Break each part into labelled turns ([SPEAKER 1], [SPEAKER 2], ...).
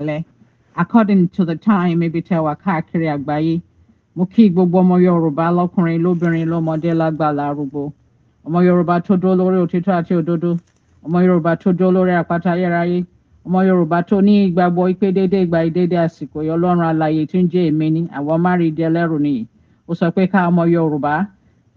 [SPEAKER 1] ìsàlẹ̀ according to the time ibi tẹ́ wà káàkiri àgbáyé mo kí gbogbo ọmọ yorùbá lọ́kùnrin lóbìnrin lọ́mọdé lágbà lárúgbó ọmọ yorùbá tó dó lórí òtítọ́ àti òdodo ọmọ yorùbá tó dó lórí àpáta ayérayé ọmọ yorùbá tó ní ìgbàgbọ́ ìpè déédéé ìgbà ìdéédé àsìkò yọ ọlọ́run alààyè tí ń jẹ́ èmi ní àwọn márìndé ẹlẹ́rù nìyí ó sọ pé ká ọmọ yorùbá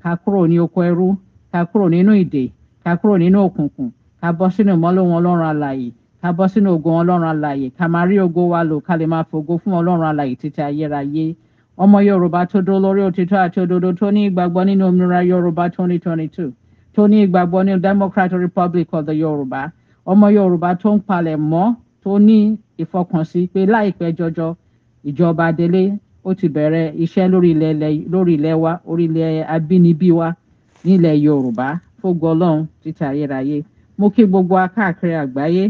[SPEAKER 1] ká kúrò ní oko ẹrú ká kúrò nínú ìdè ká kúrò nínú òkùnkùn ká bọ́ sínú ìmọ́lẹ̀ wọn ọlọ́run alààyè ká bọ́ sínú ògo ọlọ́run alàyè ká máa rí ògo wa lò ká lè máa fògo fún ọlọ́run alàyè títí ayérayé ọmọ yorùbá tó dó lórí òtítọ́ àti òdodo tó ní ìgbàgbọ́ nínú òmìnira yorùbá 2022 tó ní ìgbàgbọ́ ní democratic republic of the yorùbá ọmọ yorùbá tó ń palẹ̀ mọ́ tó ní ìfọkànsí pé láìpẹ́ jọjọ ìjọba délé ó ti bẹ̀rẹ̀ iṣẹ́ lórí ilẹ̀ wa orílẹ̀ abínibí wa nílẹ̀ yorùbá fógo ọlọ́run títí ayérayé mo kí gbogbo akáàkiri àgbáyé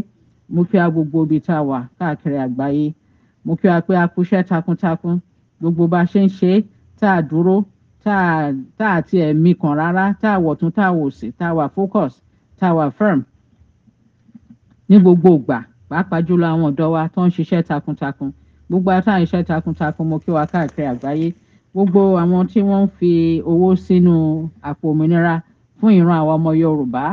[SPEAKER 1] mo kí a gbogbo ibi tá a wà káàkiri àgbáyé mo kí wa pé a kúṣẹ́ takuntakun gbogbo bá a ṣe ń ṣe tá a dúró tá a ti ẹ̀mí kan rárá tá a wọ̀tún tá a wòsì tá a wà focus tá a wà firm ní gbogbo ìgbà pàápàá jùlọ àwọn ọ̀dọ́ wa tó ń ṣiṣẹ́ takuntakun gbogbo àtàwọn iṣẹ́ takuntakun mo kí wa káàkiri àgbáyé gbogbo àwọn tí wọ́n ń fi owó sínú àpò òmìnira fún ìran àwọn ọmọ Yorùbá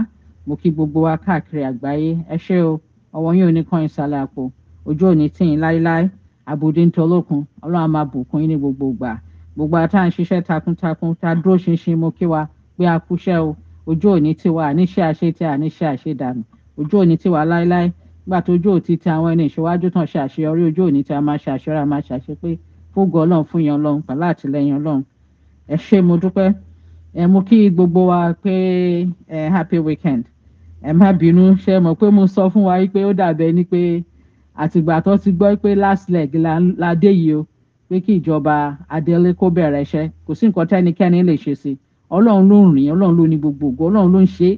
[SPEAKER 1] mo kí gbogbo wa káàkiri àgbáyé ẹ ṣé o ọwọ́ yín ò ní kàn yín sálẹ̀ àpò ojú ò ní tì yín láéláé àbòdì ń tọ́lọ́kun ọlọ́run á máa bùkún yín ní gbogbo ìgbà gbogbo àtà ń ṣiṣẹ́ takuntakun tá a dúró ṣinṣin mo kí wa pé a kúṣẹ́ o ojú ò ní tiwa àníṣe àṣetẹ àníṣe àṣedànù ojú ò ní tiwa láéláé nígbà tó ojú ò ti ti àwọn ẹni ìṣíwájú tán ṣe àṣeyọrí ojú ò ní tiwa máa ṣe àṣeyọrí máa ṣàṣe pé fógo ọlọ́run fún yan ọlọ́run pàlá àtìlẹyìn ọlọ́run ẹ ṣé mo dúpẹ́ ẹ mo kí gbogbo wa pé eh, happy weekend ẹ má bínú ṣe mọ̀ pé mo sọ fún wa pé ó dàbẹ̀ ni pé àtìgbà tó ti gbọ́ pé last leg la dé yìí o pé kí ìjọba adélé kó bẹ̀rẹ̀ iṣẹ́ kò sí nǹkan tẹ́nikẹ́ni lè ṣe sí ọlọ́run ló ń rìn ọlọ́run ló ní gbogbo ògo ọlọ́run ló ń ṣe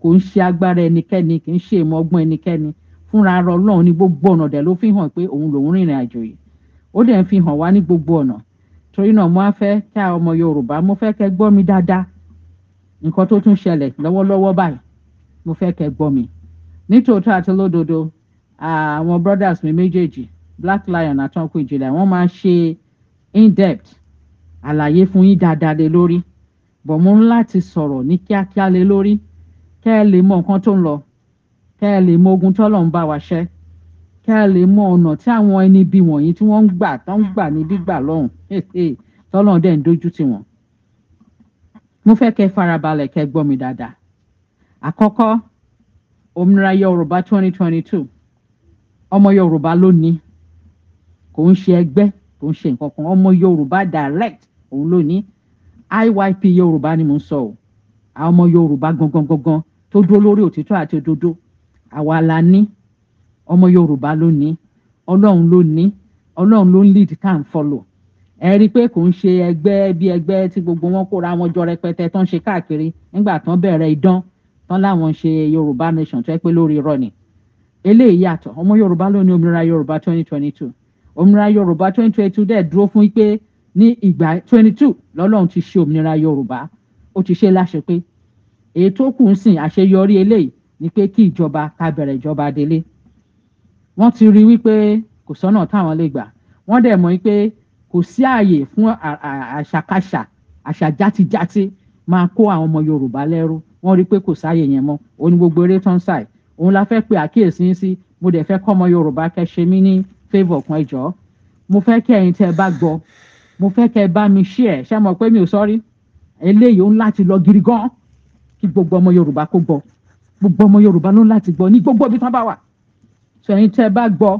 [SPEAKER 1] kò ń ṣe agbára ẹnikẹ́ni kì í ṣe ìmọ̀ ọgbọ́n ẹnikẹ́ni fúnra ara ọlọ́run ní gbogbo ọ̀nà dẹ̀ ló fi hàn pé òun lòun rìnrìn àjò yìí ó dẹ̀ ń fi hàn wá ní gbogbo ọ̀nà torí náà mo á fẹ́ kí a ọmọ yorùbá mo fẹ́ kẹ́ gbọ́ mi dáadáa nǹkan tó tún ṣẹlẹ̀ lọ́wọ́lọ́wọ́ báyìí mo fẹ́ kẹ́ gbọ́ mi nítòótọ́ àti lódodo àwọn brothers mi méjèèjì black lion àtọ́kù ìjìnlẹ̀ wọ́n máa ń ṣe in-depth àlàyé fún yín dáadáa lé lórí bọ̀ mo ń láti sọ̀rọ̀ ní kíákíá lé lórí kẹ́ ẹ lè mọ nǹkan tó ń lọ kẹ́ ẹ lè mọ ogun tọ́lọ̀ ń bá wa ṣẹ́ kẹ́ ẹ lè mọ ọ̀nà tí àwọn ẹni bí wọ̀nyí tí wọ́n ń gbà tó ń gbà níbí gbà lọ́hùn tọ́lọ̀ dẹ̀ ń dojú tiwọn. mo fẹ́ kẹ́ farabalẹ̀ kẹ́ gbọ́ mi dáadáa àkọ́kọ́ òmìnira yorùbá 2022, twenty two ọmọ yorùbá ló ní kò ń ṣe ẹgbẹ́ kò ń ṣe nǹkan kan ọmọ yorùbá direct òun ló IYP yorùbá ni mo ń sọ o àwọn ọmọ yorùbá gangan gangan tó dúró lórí òtítọ́ àti òdodo àwa la ní ọmọ yorùbá ló ní ọlọ́run ló ọlọ́run ló ń lead tá follow ẹ rí i pé kò ń ṣe ẹgbẹ́ bí ẹgbẹ́ tí gbogbo wọn kóra wọn jọ rẹpẹtẹ tán ṣe káàkiri nígbà tán bẹ̀rẹ̀ idán wọn láwọn ṣe yorùbá nation tó yẹ pé lórí irọ́ ni eléyìí yàtọ̀ ọmọ yorùbá ló ní òmìnira yorùbá twenty twenty two òmìnira yorùbá twenty twenty two dẹ̀ dúró fún pé ní ìgbà twenty two lọ́lọ́run ti ṣe òmìnira yorùbá ó ti ṣe láṣẹ pé èyí tó kù ń sìn àṣeyọrí eléyìí ni pé kí ìjọba ká bẹ̀rẹ̀ ìjọba délé wọ́n ti rí wípé kò sọ́nà táwọn lè gbà wọ́n dẹ̀ mọ̀ wípé kò sí ààyè fún àṣàkáṣà àṣà játijáti máa kó àwọn ọmọ yorùbá lẹ́rú wọ́n rí i pé kò sáàyè yẹn mọ́ ó ní gbogbo eré tó ń sàì òun la fẹ́ pe àkíyèsí yín sí mo dẹ̀ fẹ́ kọ́mọ yorùbá kẹ́ ṣe mí ní favour kan ẹjọ́ mo fẹ́ kẹ́ ẹ̀yin tẹ́ ẹ bá gbọ́ mo fẹ́ kẹ́ ẹ bá mi ṣí ẹ̀ ṣé mo pé mi ò sọ́rí eléyìí ó ń láti lọ gidi gan kí gbogbo ọmọ yorùbá kó gbọ́ gbogbo ọmọ yorùbá ló ń láti gbọ́ ní gbogbo ibi tán bá wà so ẹ̀yin tẹ́ ẹ bá gbọ́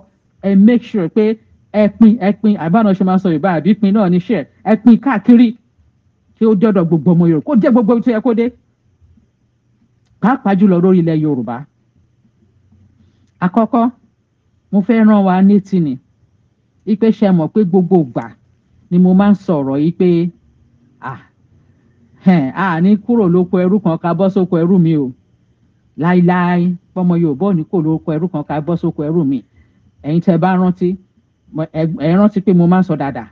[SPEAKER 1] ẹ make sure pé ẹ pin ẹ pin àbáná ṣe máa sọ yorùbá àbí pin náà ní ṣe ẹ pin káàkiri kí ó dọ̀dọ̀ gbogbo ọmọ yorùbá kó dé gbogbo ibi tó yẹ kó dé pàápàá jùlọ lórí ilẹ̀ yorùbá àkọ́kọ́ mo fẹ́ rán wa létí ni ipe ṣe mọ̀ pé gbogbo ìgbà ni mo máa ń sọ̀rọ̀ yìí pé a ní kúrò lóko ẹrú kan ká bọ́ sóko ẹrú mi o láíláí pọ́mọ yorùbá ò ní kúrò lóko ẹrú kan ká bọ́ sóko ẹrú mi ẹ̀yin tẹ́ bá rántí ẹ rántí pé mo máa ń sọ dáadáa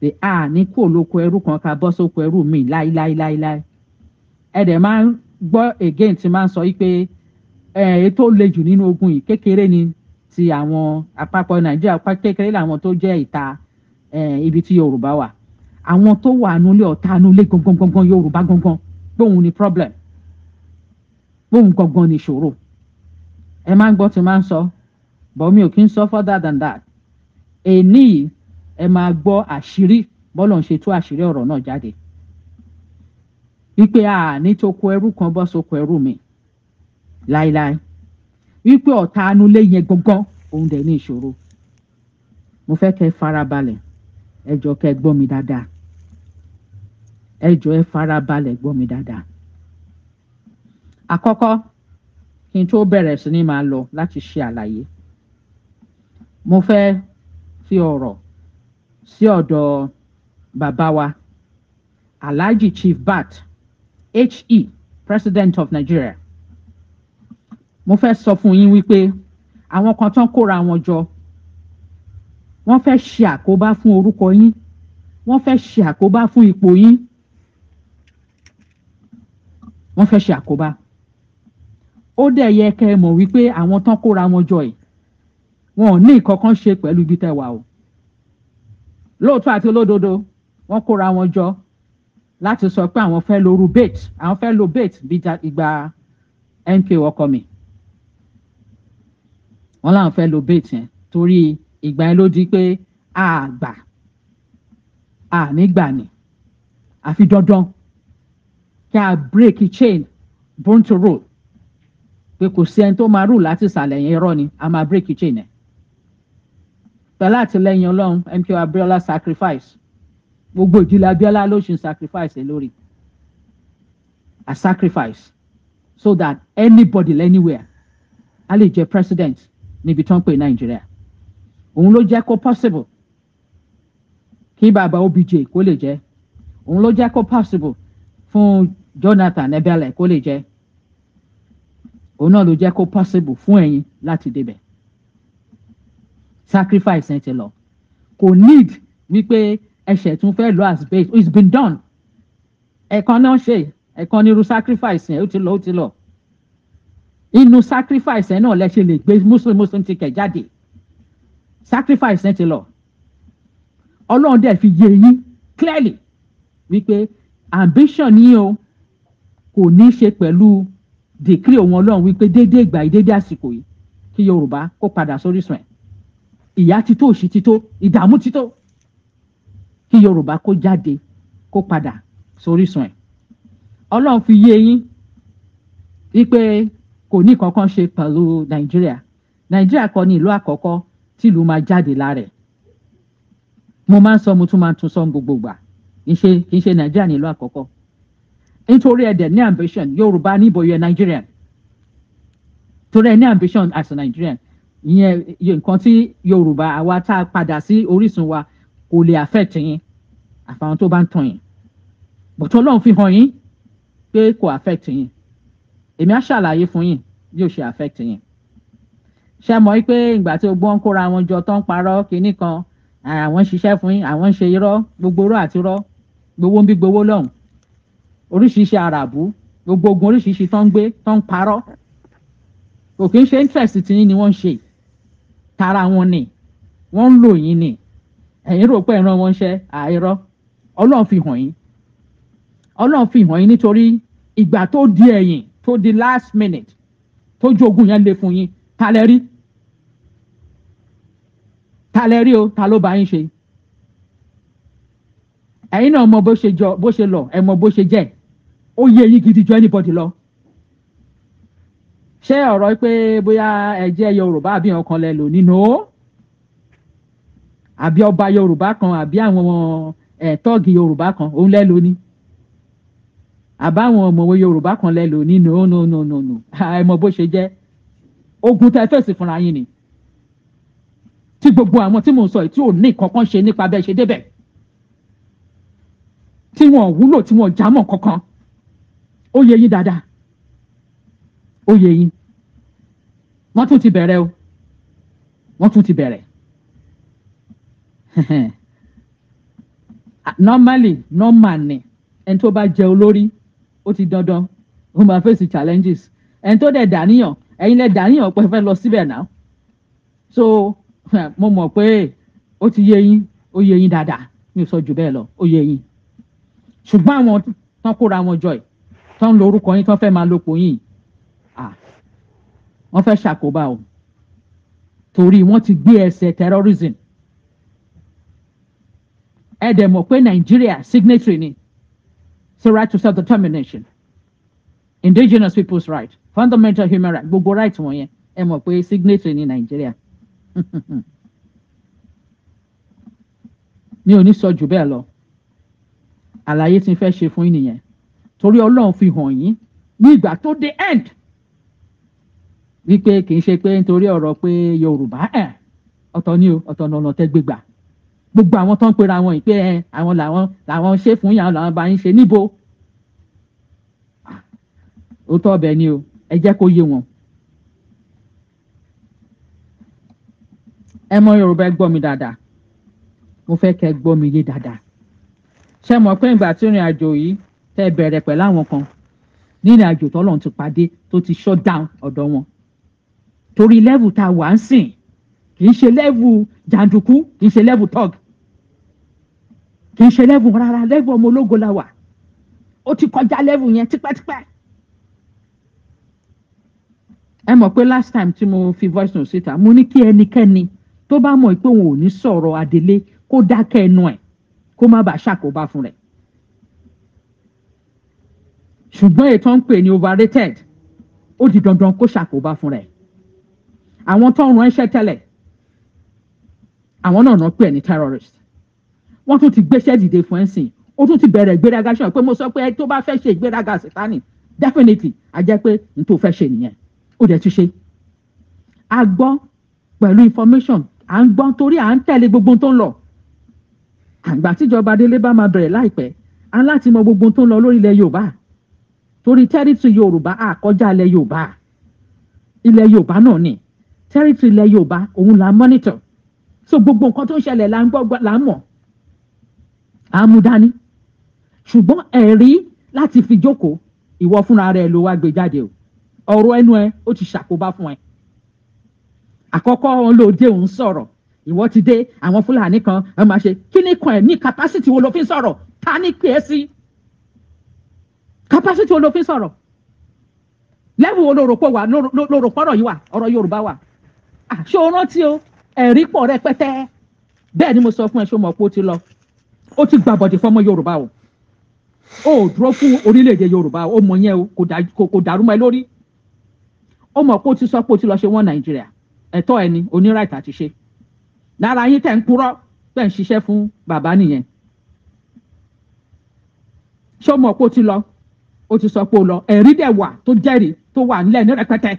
[SPEAKER 1] pé a ní kúrò lóko ẹrú kan ká bọ́ sóko ẹrú mi láíláíláíláí ẹ dẹ̀ máa ń gbọ́ again ti máa ń sọ wípé ètò le jù nínú ogun yìí kékeré ni ti àwọn àpapọ̀ nàìjíríà kékeré làwọn tó jẹ́ ìta ibi tí yorùbá wà àwọn tó wà nulẹ̀ ọ̀tá nulẹ̀ gangan gangan yorùbá gangan gbóhùn ni problem gbóhùn gangan ni ìṣòro ẹ máa ń gbọ́ tí máa ń sọ but mi ò kí ń sọ further than that èyí ẹ máa gbọ́ àṣírí bọ́lọ̀ ń ṣe tú àṣírí ọ̀rọ̀ náà jáde wípé a ní toko ẹrú kan bọ́ soko ẹrú mi láíláí wípé ọ̀tá anulé yẹn gangan òun dẹ̀ ní ìṣòro mo fẹ́ kẹ́ farabalẹ̀ ẹ jọ kẹ́ gbọ́ mi dáadáa ẹ ẹ farabalẹ̀ gbọ́ mi dáadáa àkọ́kọ́ kí n tó bẹ̀rẹ̀ sí ni máa lọ láti ṣe àlàyé mo fẹ́ fi ọ̀rọ̀ sí ọ̀dọ̀ bàbá wa Alhaji Chief Bat HE president of Nigeria mo fẹ́ sọ fún yín wípé àwọn kan tán kóra wọn jọ wọ́n fẹ́ ṣe àkóbá fún orúkọ yín wọ́n fẹ́ ṣe àkóbá fún ipò yín wọ́n fẹ́ ṣe àkóbá ó dẹ̀ yẹ kẹ́ ẹ wípé àwọn tán kóra wọn jọ yìí wọn ò ní ìkankan ṣe pẹ̀lú ibi tẹ́ o lóòótọ́ àti olódodo wọ́n kóra wọn jọ láti sọ pé àwọn fẹ́ lo rubate àwọn fẹ́ lo bate bí ìgbà mk ọkọ mi wọn làwọn fẹ́ lo bate yẹn torí ìgbà yẹn ló di pé àgbà ànígbà ni àfi dandan kí a break chain born to roll pé kò sí ẹni tó máa rù láti ìsàlẹ̀ yẹn irọ́ ni a máa break chain ẹ̀ pẹ̀lú àtìlẹ́yìn ọlọ́run mk abiola sacrifice gbogbo ìdílé Abíọ́lá ló ṣe sacrifice ẹ lórí a sacrifice so that anybody anywhere a lè jẹ president níbi tó ń pè Nàìjíríà òun ló jẹ́ kó possible kí bàbá Obj kó lè jẹ́ òun ló jẹ́ kó possible fún Jonathan Ebele kó lè jẹ́ òun náà ló jẹ́ kó possible fún ẹ̀yin láti débẹ̀ sacrifice ẹ ti lọ kò need wípé ẹ̀ṣẹ̀ tún fẹ́ lọ as base it's been done ẹ̀kan náà ṣe ẹ̀kan ní irú sacrifice yẹn ó ti lọ ó ti lọ inú sacrifice yẹn náà lẹ ṣe lè gbé muslim muslim ti kẹ̀ jáde sacrifice yẹn ti lọ ọlọ́run dẹ̀ fi yé yín clearly wípé ambition ni o kò ní ṣe pẹ̀lú decree òun ọlọ́run wípé déédéé ìgbà yìí déédéé àsìkò yìí kí yorùbá kó padà sórí sùn ẹ̀ ìyà ti tó òṣì ìdààmú ti kí yorùbá kó jáde kó padà sórísun ẹ̀ ọlọ́run fi yé yín wípé kò ní kankan ṣe pẹ̀lú nàìjíríà nàìjíríà kọ́ ni ìlú àkọ́kọ́ tìlú máa jáde lára ẹ̀ mo máa ń sọ mo tún máa ń tún sọ gbogbo gbà kì í ṣe nàìjíríà nílùú àkọ́kọ́ nítorí ẹ̀dẹ̀ ní ambition yorùbá níbo yẹ nigerian torí ẹ ní ambition as a nigerian ìyẹn nǹkan tí yorùbá àwa tá a padà sí orísun wa kò lè affect yín àfàwọn tó bá ń tàn yín bọ̀tọ̀ ọlọ́run fi hàn yín pé kò affect yín èmi á ṣàlàyé fún yín bí ó ṣe affect yín ṣe mọ̀ pé ìgbà tí gbogbo ń kóra wọn jọ tán parọ́ kinní kan àwọn ń ṣiṣẹ́ fún yín àwọn ń ṣe irọ́ gbogbo irọ́ àti irọ́ gbowó ń bí gbowó lọ́hùn oríṣiríṣi àràbù gbogbo ogun oríṣiríṣi tán ń gbé tán ń parọ́ kò kí ń ṣe interest tiyín ni wọ́n ń ṣe tara wọn ni wọ́n ń lò yín ni ẹ̀yin rò pé ìran wọn ṣe àìrọ́ ọlọ́run fi hàn yín ọlọ́run fi hàn yín nítorí ìgbà tó di ẹ̀yìn tó di last minute tó jogun yẹn le fún yín ta lẹ rí ta lẹ rí o ta ló bá yín ṣe ẹ̀yin náà mọ bó ṣe jọ bó ṣe lọ ẹ mọ bó ṣe jẹ́ ó yé yín gidi jù anybody lọ ṣé ọ̀rọ̀ pé bóyá ẹ̀jẹ̀ Yorùbá àbí ọkàn lẹ lò nínú o àbí ọba yorùbá kan àbí àwọn tọ́ọ̀gì yorùbá kan òun lẹ́ lóní àbáwọn ọ̀mọ̀wé yorùbá kan lẹ́ lóní no no no no no àìmọ̀ bó ṣe jẹ́ ogun tẹ fèsì fúnra yín ni tí gbogbo àwọn tí mò ń sọ yìí tí ò ní kankan ṣe nípa bẹ́ẹ̀ ṣe débẹ̀ tí wọn wúlò tí wọn jámọ́ kankan ó yẹ yín dáadáa ó yẹ yín wọ́n tún ti bẹ̀rẹ̀ o wọ́n tún ti bẹ̀rẹ̀. normally normally, ni ẹni tó bá jẹ olórí ó ti dandan ó máa face challenges ẹni tó dẹ̀ dàníyàn ẹ̀yin lẹ dàníyàn pé fẹ́ lọ síbẹ̀ náà so mo mọ̀ pé ó ti yé yín ó yé yín dáadáa mi ò sọ jù bẹ́ẹ̀ lọ ó yé yín ṣùgbọ́n àwọn tán kóra wọn jọ ẹ̀ tán ń lo orúkọ yín tán fẹ́ máa lopò yín wọ́n fẹ́ ṣàkóbá o torí wọ́n ti gbé ẹsẹ̀ terrorism ẹ dẹ̀ mọ̀ pé Nigeria signatory ni so right to self determination indigenous people's right fundamental human right gbogbo right wọ̀nyẹn ẹ mọ̀ pé signatory ni Nigeria mi ò ní sọ jù bẹ́ẹ̀ lọ àlàyé tí n fẹ́ ṣe fún yín nìyẹn torí Ọlọ́run fi hàn yín ní ìgbà tó dé end wípé kì í ṣe pé nítorí ọ̀rọ̀ pé Yorùbá ẹ̀ ọ̀tọ̀ ni ọ̀tọ̀ nọ̀nà tẹ́gbẹ̀gbà gbogbo àwọn tó ń pera wọn ìpè ẹ àwọn làwọn làwọn ṣe fún yàn làwọn bá ń ṣe níbo ó tọ́ ọbẹ̀ ni o ẹ jẹ́ kó yé wọn. ẹ mọ yorùbá ẹ gbọ́ mi dáadáa mo fẹ́ kẹ́ ẹ gbọ́ mi yé dáadáa ṣé mọ̀ pé ìgbà tí ìrìn àjò yìí tẹ́ bẹ̀rẹ̀ pẹ̀lú àwọn kan nínú àjò tọ́lọ́run ti pàdé tó ti shut down ọ̀dọ̀ wọn torí lẹ́vù tá a wà ń sìn kì í ṣe lẹ́vù jàǹdùkú kì í ṣe lẹ́vù tọ́ọ̀gì kì í ṣe lẹ́bùn rárá lẹ́bùn ọmọ ológo la wà ó ti kọjá lẹ́bùn yẹn tipẹ́tipẹ́. ẹ mọ̀ pé last time tí mo fi voice note síta mo ní kí ẹnikẹ́ni tó bá mọ̀ pé òun ò ní sọ̀rọ̀ adelé kó dákẹ́ ẹnu ẹ̀ kó má bàa ṣàkóbá fún rẹ̀. ṣùgbọ́n ètò ń pè ní overrated ó di dandan kó ṣàkóbá fún rẹ̀. àwọn tó ń ránṣẹ́ tẹ́lẹ̀ àwọn náà náà pè ní terrorist wọ́n tún ti gbéṣẹ́ dìde fún ẹ̀sìn ó tún ti bẹ̀rẹ̀ ìgbéraga ṣe pé mo sọ pé tó bá fẹ́ ṣe ìgbéraga sátani definitely a jẹ́ pé n tó fẹ́ ṣe nìyẹn ó dẹ̀ tún ṣe. a gbọ́ pẹ̀lú information à ń gbọ́ torí à ń tẹ̀lé gbogbo tó ń lọ àgbà tíjọba délé bá máa bẹ̀rẹ̀ láìpẹ́ a láti mọ gbogbo tó ń lọ lórí ilẹ̀ yorùbá torí tẹ́rìtì yorùbá àkọjá ilẹ̀ yorùbá ilẹ̀ yorùbá náà ni tẹ́rìtì ilẹ̀ yorùbá òun là ń mọ́nítọ̀ so gbogbo nǹkan tó ń ṣẹlẹ̀ là ń gbọ́ là ń mọ̀ àmúdání ṣùgbọ́n ẹ̀rí láti fi jókòó ìwọ fúnra rẹ ló wá gbé jáde o ọ̀rọ̀ ẹnu ẹ ó ti ṣàkóbá fún ẹ àkọ́kọ́ olóde òun sọ̀rọ̀ ìwọ ti dé àwọn fúlàní kan ẹ máa ṣe kí ni kan ẹ ní capacity wo ló fi ń sọ̀rọ̀ ta ní pè é sí capacity wo ló fi ń sọ̀rọ̀ lẹ́wù wo ló rò pọ̀ wà ló rò pọ̀rọ̀ yìí wà ọ̀rọ̀ Yorùbá wà ṣé o rántí o ẹ̀rí pọ̀ rẹpẹtẹ bẹ́ẹ̀ ni mo sọ fún ẹ ṣó mọ̀ pé ó ti lọ ó ti gbàbọ̀dì fọmọ yorùbá o ó dúró fún orílẹ̀-èdè yorùbá o mọ̀ yẹn o kò dàrú mọ́ ẹ lórí ó mọ̀ pé ó ti sọ pé ó ti lọ ṣe wọ́n nàìjíríà ẹ̀tọ́ ẹni oníráìtà ti ṣe lára yín tẹ̀ ń purọ́ tẹ̀ ń ṣiṣẹ́ fún bàbá nìyẹn ṣé ó mọ̀ pé ó ti lọ ó ti sọ pé ó lọ ẹ̀rí dẹ̀ wà tó jẹ́rìí tó wà nílẹ̀ ní rẹpẹtẹ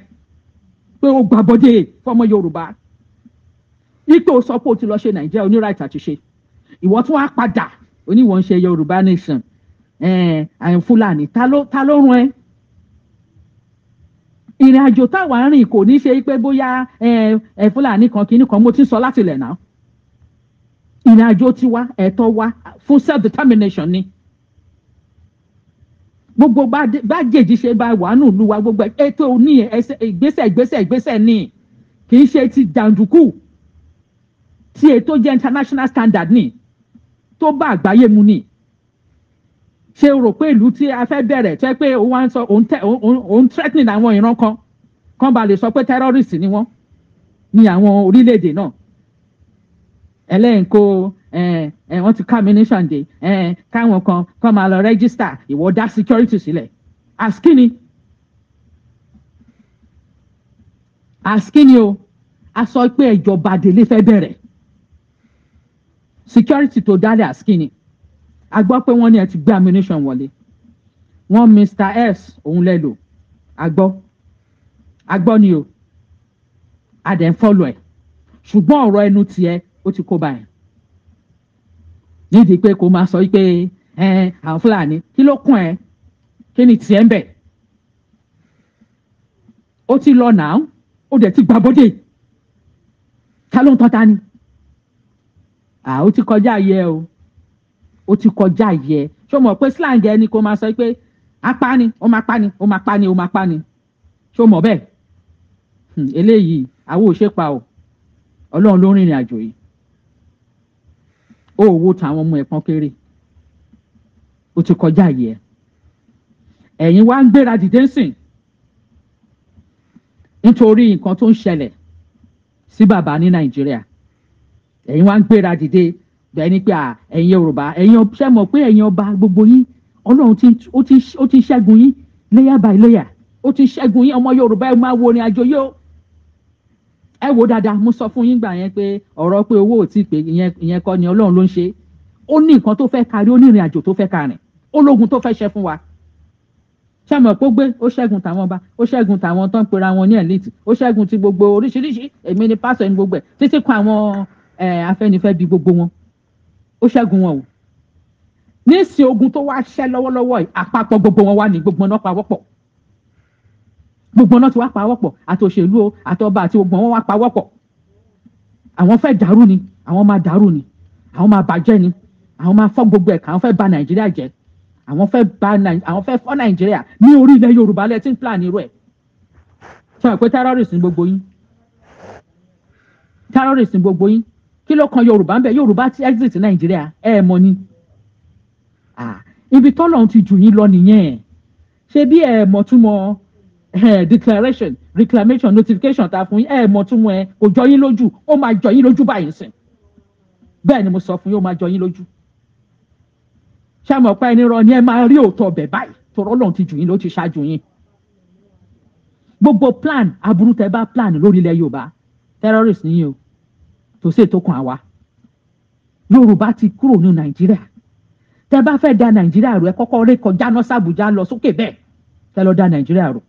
[SPEAKER 1] pé ó gbàbọ̀dé fọmọ yorùbá ipò sọ pé ó ti lọ ṣe nàìjíríà oníráìtà ti ṣe ìwọ tún wá padà oníwọ̀n ṣe yorùbá nation ẹ̀ẹ́n fúlàní ta ló ta ló rún ẹ ìrìn àjò táwa ń rìn kò ní ṣe pé bóyá ẹ fúlàní kan kìíní kan mo ti sọ láti lẹ̀ náà ìrìn àjò tiwa ẹ̀tọ́ wa fún self determination ni gbogbo bájèjì ṣe bá wàánù lu wa gbogbo ètò òní ìgbésẹ̀ ìgbésẹ̀ ìgbésẹ̀ ni kì í ṣe ti jàǹdùkú tí ètò jẹ́ international standard ni tó bá àgbáyé mu ni ṣe rò pé ìlú tí a fẹ́ bẹ̀rẹ̀ tó yẹ pé òun wá ń sọ òun threatening àwọn ìran kan kan bá lè sọ pé terrorist ni wọ́n ní àwọn orílẹ̀-èdè náà ẹlẹ́yìnko wọ́n ti ká mi ní Sunday káwọn kan kan máa lọ rẹ́gísítà ìwọ dá security sílẹ̀ àskínni àskínni o a sọ pé ìjọba àdélé fẹ́ bẹ̀rẹ̀ security tó dálẹ̀ àskínì a gbọ́ pé wọ́n ní ẹ ti gbé ammunition wọlé wọ́n Mr S òun lẹ́lò a gbọ́ a gbọ́ ni o a dẹ̀ ń fọ́lọ̀ ẹ̀ ṣùgbọ́n ọ̀rọ̀ ẹnu tiẹ̀ ó ti kó báyìí nídìí pé kò máa sọ pé àwọn Fúlàní kí ló kún ẹ kí ni tiẹ̀ ń bẹ̀ ó ti lọ nàá ó dẹ̀ ti gbàbọ́dẹ̀ ta ló ń tọ́ta ni à ó ti kọjá yẹ o ó ti kọjá yẹ ṣó mọ̀ pé slang ẹni kò máa sọ pé apani ó máa pani ó máa pani ó máa pani ṣó mọ̀ bẹ́ẹ̀ hmm, eléyìí àwọn òṣèpá o ọlọ́run ló rìnrìn àjò yìí ó wo tàwọn ọmọ ẹ̀pọ́n kéré ó ti kọjá yẹ ẹ̀yin wá ń gbéra dìde ń sìn nítorí nǹkan tó ń ṣẹlẹ̀ sí bàbá ní nàìjíríà ẹ̀yin wá ń gbéra dìde bẹ́ẹ̀ ni pé à ẹ̀yin yorùbá ẹ̀yin ṣe mọ̀ pé ẹ̀yin ọba gbogbo yín ọlọ́run ti ó ti ṣẹ́gun yín layer by layer ó ti ṣẹ́gun yín ọmọ yorùbá ẹ máa wo orin àjò yóò ẹ wo dáadáa mo sọ fún yín gbà yẹn pé ọ̀rọ̀ pé owó ò tí pé ìyẹn kọ́ ni ọlọ́run ló ń ṣe ó ní nǹkan tó fẹ́ kárí ó ní ìrìn àjò tó fẹ́ kárìn ó lógun tó fẹ́ ṣe fún wa ṣàmọ̀ pé ó gbé ó ṣẹ́gun tàwọn ọba ó ṣẹ́gun tàwọn tó ń pera wọn ní elite ó ṣẹ́gun ti gbogbo oríṣiríṣi èmi ni pásọ̀ ní gbogbo ẹ̀ títí kan àwọn afẹ́nifẹ́ bí gbogbo wọn ó ṣẹ́gun wọn o nísìn ogun tó wá ṣẹ́ lọ́wọ́lọ́wọ́ yìí àpapọ̀ gbogbo wọn wà ní gbogbo náà pawọ́pọ̀ gbogbo náà ti wá pawọ́pọ̀ àti òṣèlú o àti ọba àti gbogbo wọn wá pawọ́pọ̀ àwọn fẹ́ dàrú ni àwọn máa dàrú ni àwọn máa bàjẹ́ ni àwọn máa fọ́ gbogbo ẹ̀ka àwọn fẹ́ bà nàìjíríà jẹ́ àwọn fẹ́ bà àwọn fẹ́ fọ́ nàìjíríà ní orí ilẹ̀ yorùbá lẹ́ẹ̀ tí ń plan irú ẹ̀ sọ pé terrorist ni gbogbo yín terrorist ni gbogbo yín kí ló kan yorùbá ń bẹ yorùbá ti exit nàìjíríà ẹ ẹ mọ ni ibi tọ́lọ́run ti jù yín lọ nìyẹn ṣé bí ẹ mọ̀ túmọ̀ declaration reclamation notification ta fún yín ẹ mọ̀ túmọ̀ ẹ kò jọ yín lójú ó máa jọ yín lójú báyìí sìn bẹ́ẹ̀ ni mo sọ fún yín ó máa jọ yín lójú ṣàmọ̀ pa ẹni rọ ni ẹ máa rí òótọ́ ọbẹ̀ báyìí tọ́rọ́ lọ́n ti jù yín ló ti ṣáájú yín gbogbo plan aburú tẹ bá plan lórí ilẹ̀ yorùbá terrorist nìyí o tó sì tó kàn wá yorùbá ti kúrò ní nàìjíríà tẹ bá fẹ́ da nàìjíríà rò ẹ kọ́kọ́ ré kọjá náà sàbújá lọ sókè bẹ́ẹ̀ tẹ lọ da nàìjíríà rò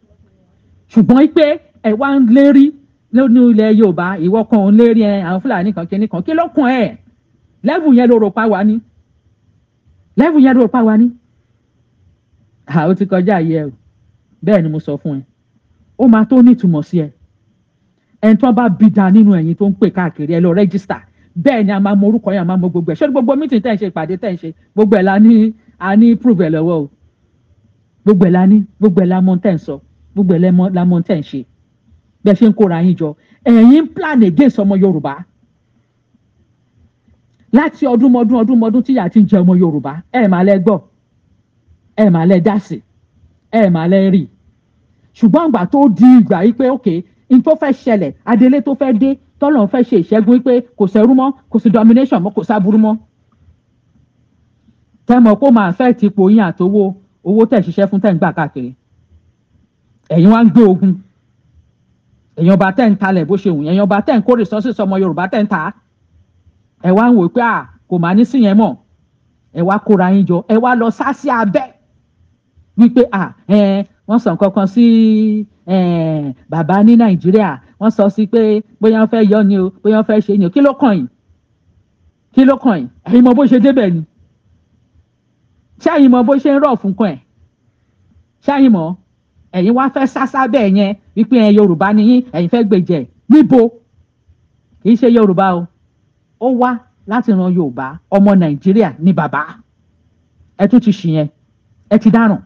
[SPEAKER 1] ṣùgbọ́n pé ẹ wá ń lérí ní ilẹ̀ yorùbá ìwọ kan ń lérí ẹ àwọn fúlàní kan kíní kan kí lọ́kàn ẹ lẹ́bù yẹn ló pa wá ní lẹ́bù yẹn ló pa wá ní. àwọn ti kọjá yẹ o bẹ́ẹ̀ ni mo sọ fún ẹ ó máa tó nítumọ̀ sí ẹ ẹni tó bá bí da nínú ẹ̀yin tó ń pè káàkiri ẹ lọ rẹ́gísítà bẹ́ẹ̀ ni a máa mọ orúkọ yẹn a máa mọ gbogbo ẹ̀ ṣé gbogbo mítìn tẹ̀ ń ṣe ìpàdé tẹ̀ ń ṣe gbogbo ẹ̀ la ní a ní prove ẹ̀ lọ́wọ́ o gbogbo ẹ̀ la ní gbogbo ẹ̀ la mọ tẹ̀ ń sọ gbogbo ẹ̀ la mọ tẹ̀ ń ṣe bẹ́ẹ̀ ṣe ń kóra yín jọ ẹ̀yin plan against ọmọ Yorùbá láti ọdúnmọdún ọdúnmọdún tíyà ti ń jẹ ọmọ Yorùbá ẹ̀ máa lẹ gbọ́ ẹ̀ máa lẹ dásì ẹ̀ máa lẹ rí ṣùgbọ́n àgbà tó di ìgbà yìí pé okay n tó fẹ́ ṣẹlẹ̀ adelé tó fẹ́ dé tọ́lọ́run fẹ́ ṣe ìṣẹ́gun wípé kò sẹ́rú mọ́ kò sí domination mọ́ kò sábúrú mọ́ tẹ́mọ̀ kó máa fẹ́ ti po yín àtowó owó tẹ̀ ṣiṣẹ́ fún tẹ̀ ń gbà káàkiri ẹ̀yin wá ń gbé ogun ẹ̀yin ọba tẹ̀ ń talẹ̀ bó ṣe wù yẹn ẹ̀yin ọba tẹ̀ ń kó resources ọmọ Yorùbá tẹ̀ ń ta ẹ̀ wá ń wò pé à ah, kò máa ní sí yẹn mọ́ ẹ̀ wá kóra yín jọ ẹ̀ wá lọ sá abẹ́ wípé à ah, ẹ̀ wọ́n sọ nǹkan sí bàbá ní nàìjíríà wọ́n sọ sí pé bóyá wọ́n fẹ́ yọ ni o bóyá wọ́n fẹ́ ṣe ni o kí ló kàn yín kí ló kàn yín ẹ̀yin mọ bó ṣe débẹ̀ ni ṣé ẹ̀yin mọ bó ṣe ń rọ̀ fún kan ẹ̀ ṣé ẹ̀yin mọ ẹ̀yin wá fẹ́ sásá bẹ́ẹ̀ yẹn wípé ẹ̀ yorùbá ni yín ẹ̀yin fẹ́ gbèjẹ̀ níbo kì í ṣe yorùbá o ó wá láti ran yorùbá ọmọ nàìjíríà ní bàbá ẹ tún ti ṣì yẹn ẹ ti dáràn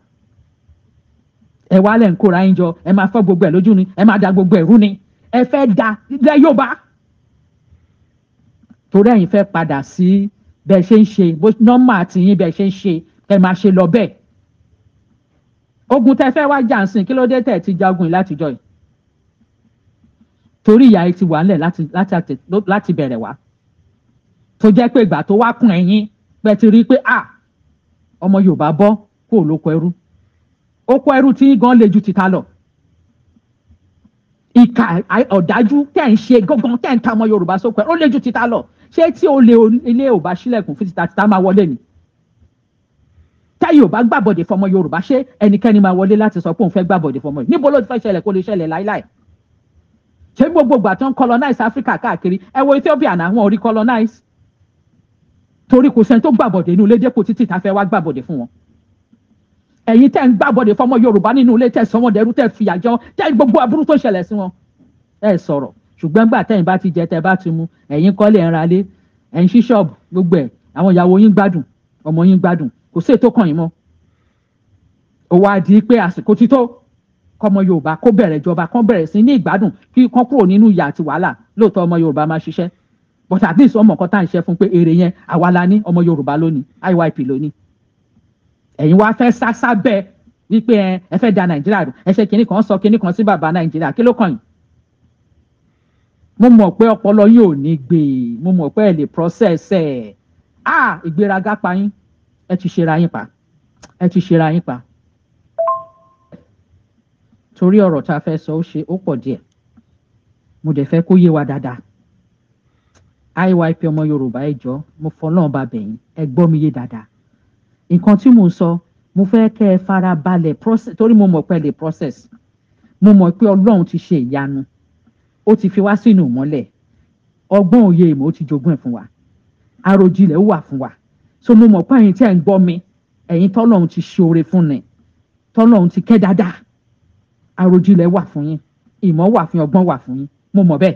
[SPEAKER 1] ẹ wá lẹ́ ń kóra yín jọ ẹ máa fọ́ gbogbo ẹ̀ lójú ni ẹ máa da gbogbo ẹ̀ rú ni ẹ fẹ́ da ilẹ̀ Yorùbá torí ẹ̀yin fẹ́ padà sí bẹ́ẹ̀ ṣe ń ṣe bó nọ́mà àtìyín bẹ́ẹ̀ ṣe ń ṣe ẹ máa ṣe lọ bẹ́ẹ̀ ogun tẹ fẹ́ wá jà ń sìn kí ló dé tẹ̀ ti jagun yìí látijọ́ yìí torí ìyà yìí ti wà ńlẹ̀ láti bẹ̀rẹ̀ wá tó jẹ́ pé ìgbà tó wá kún ẹ̀yìn pẹ́ ti rí pé ọmọ Yorùbá bọ́ kó o lóko ẹrú oko ẹrú tí gan le ju tìta lọ ìka ọ̀dájú tẹ̀ ń ṣe gangan tẹ̀ ń ta ọmọ yorùbá sóko ẹ̀ ó le ju tìta lọ ṣé tí o lè ilé ò bá ṣílẹ̀kùn fún tìta tìta máa wọlé ni táyì ò bá gbàbọ̀dè fọmọ yorùbá ṣé ẹnikẹ́ni máa wọlé láti sọ pé òun fẹ́ gbàbọ̀dè fọmọ yìí níbo ló ti fẹ́ ṣẹlẹ̀ kó lè ṣẹlẹ̀ láíláì ṣé gbogbo ìgbà tó ń colonize africa káàkiri ẹ wo ethiopia náà wọn ò rí colonize torí kò sẹ́ni tó gbàbọ̀dè inú ilé dépò títí ta fẹ́ wá gbàbọ̀dè fún wọn ẹ̀yin tẹ́ ń gbàbọ̀dé fọmọ yorùbá nínú ilé tẹ́ sọmọ dẹrú tẹ́ fìyà jọ tẹ́ gbogbo aburú tó ṣẹlẹ̀ sí wọn ẹ sọ̀rọ̀ ṣùgbọ́n gbà tẹ́yìn bá ti jẹ tẹ́ bá ti mu ẹ̀yin kọ́lé ẹ̀ ń ralé ẹ̀ ń ṣí ṣọ́ọ̀bù gbogbo ẹ̀ àwọn ìyàwó yín gbádùn ọmọ yín gbádùn kò sí ètò kan yín mọ́ ó wá di pé àsìkò ti tó kọmọ yorùbá kó bẹ̀rẹ̀ jọba kán bẹ̀rẹ̀ sí ní ìgbádùn kí kán kúrò nínú ìyà àti wàhálà lóòótọ́ ọmọ yorùbá máa ṣiṣẹ́ but at least ọmọ kan tá à ń ṣe fún pé èrè yẹn àwa la ní ọmọ yorùbá lónìí IYP lónìí ẹ̀yin wá fẹ́ sásá bẹ́ẹ̀ wípé ẹ ẹ fẹ́ da nàìjíríà rú ẹ ṣe kinní kan sọ kinní kan sí bàbá nàìjíríà kí ló kàn yín. mo mọ̀ pé ọpọlọ yìí ò ní gbé e mo mọ̀ pé ẹ lè process ẹ̀ á ìgbéraga pa yín ẹ ti ṣera yín pa ẹ ti ṣera yín pa. torí ọ̀rọ̀ tá a fẹ́ sọ ó ṣe ó pọ̀ díẹ̀ mo dẹ̀ fẹ́ kó yé wa dáadáa IYP ọmọ yorùbá ẹ jọ mo fọlọ́ọ̀ bá bẹ̀yìn ẹ gbọ́ mi yé dáadáa nǹkan tí mò ń sọ mo fẹ́ kẹ́ ẹ fara balẹ̀ process torí mo mọ̀ pé lè process mo mọ̀ pé ọlọ́run ti ṣe ìyanu ó ti fi wá sínú ìmọ́lẹ̀ ọgbọ́n òye ìmọ̀ ó ti jogún ẹ̀ fún wa àròjinlẹ̀ ó wà fún wa so mo mọ̀ pé ẹ̀yin tí ẹ̀ ń gbọ́ mi ẹ̀yin tọ́lọ́run ti ṣe oore fún ni tọ́lọ́run ti kẹ́ dáadáa àròjinlẹ̀ wà fún yín ìmọ̀ wà fún yín ọgbọ́n wà fún yín mo mọ̀ bẹ́ẹ̀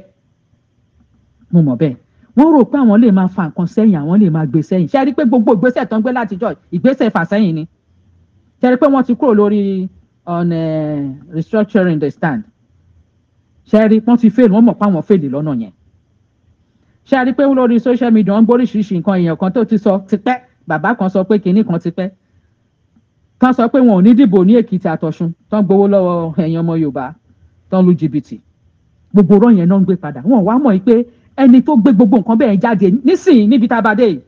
[SPEAKER 1] mo mọ̀ bẹ́ẹ̀ wọ́n rò pé àwọn lè máa fa nǹkan sẹ́yìn àwọn lè máa gbé sẹ́yìn ṣe é rí i pé gbogbo ìgbésẹ̀ tó ń gbé látijọ́ ìgbésẹ̀ ìfàsẹ́yìn ni ṣe é rí i pé wọ́n ti kúrò lórí on uh, restructuring the stand ṣe é rí i wọ́n ti fail wọ́n mọ̀ pé àwọn fail lọ́nà yẹn ṣe é rí i pé lórí social media wọ́n ń gbóríṣiríṣi nǹkan èèyàn kan tó ti sọ tipẹ́ bàbá kan sọ pé kinní kan tipẹ́ tán sọ pé wọn ò ní dìbò ní Èkìtì àtọ̀ṣun tán gbowó lọ́wọ́ ẹ̀yìn ọmọ Yorùbá tán lu jìbìtì gbogbo ọ̀rọ̀ yẹn náà ń gbé padà wọn wá mọ̀ ẹni tó gbé gbogbo nǹkan bẹ́ẹ̀ jáde nísìnyí níbi tá a bá dé yìí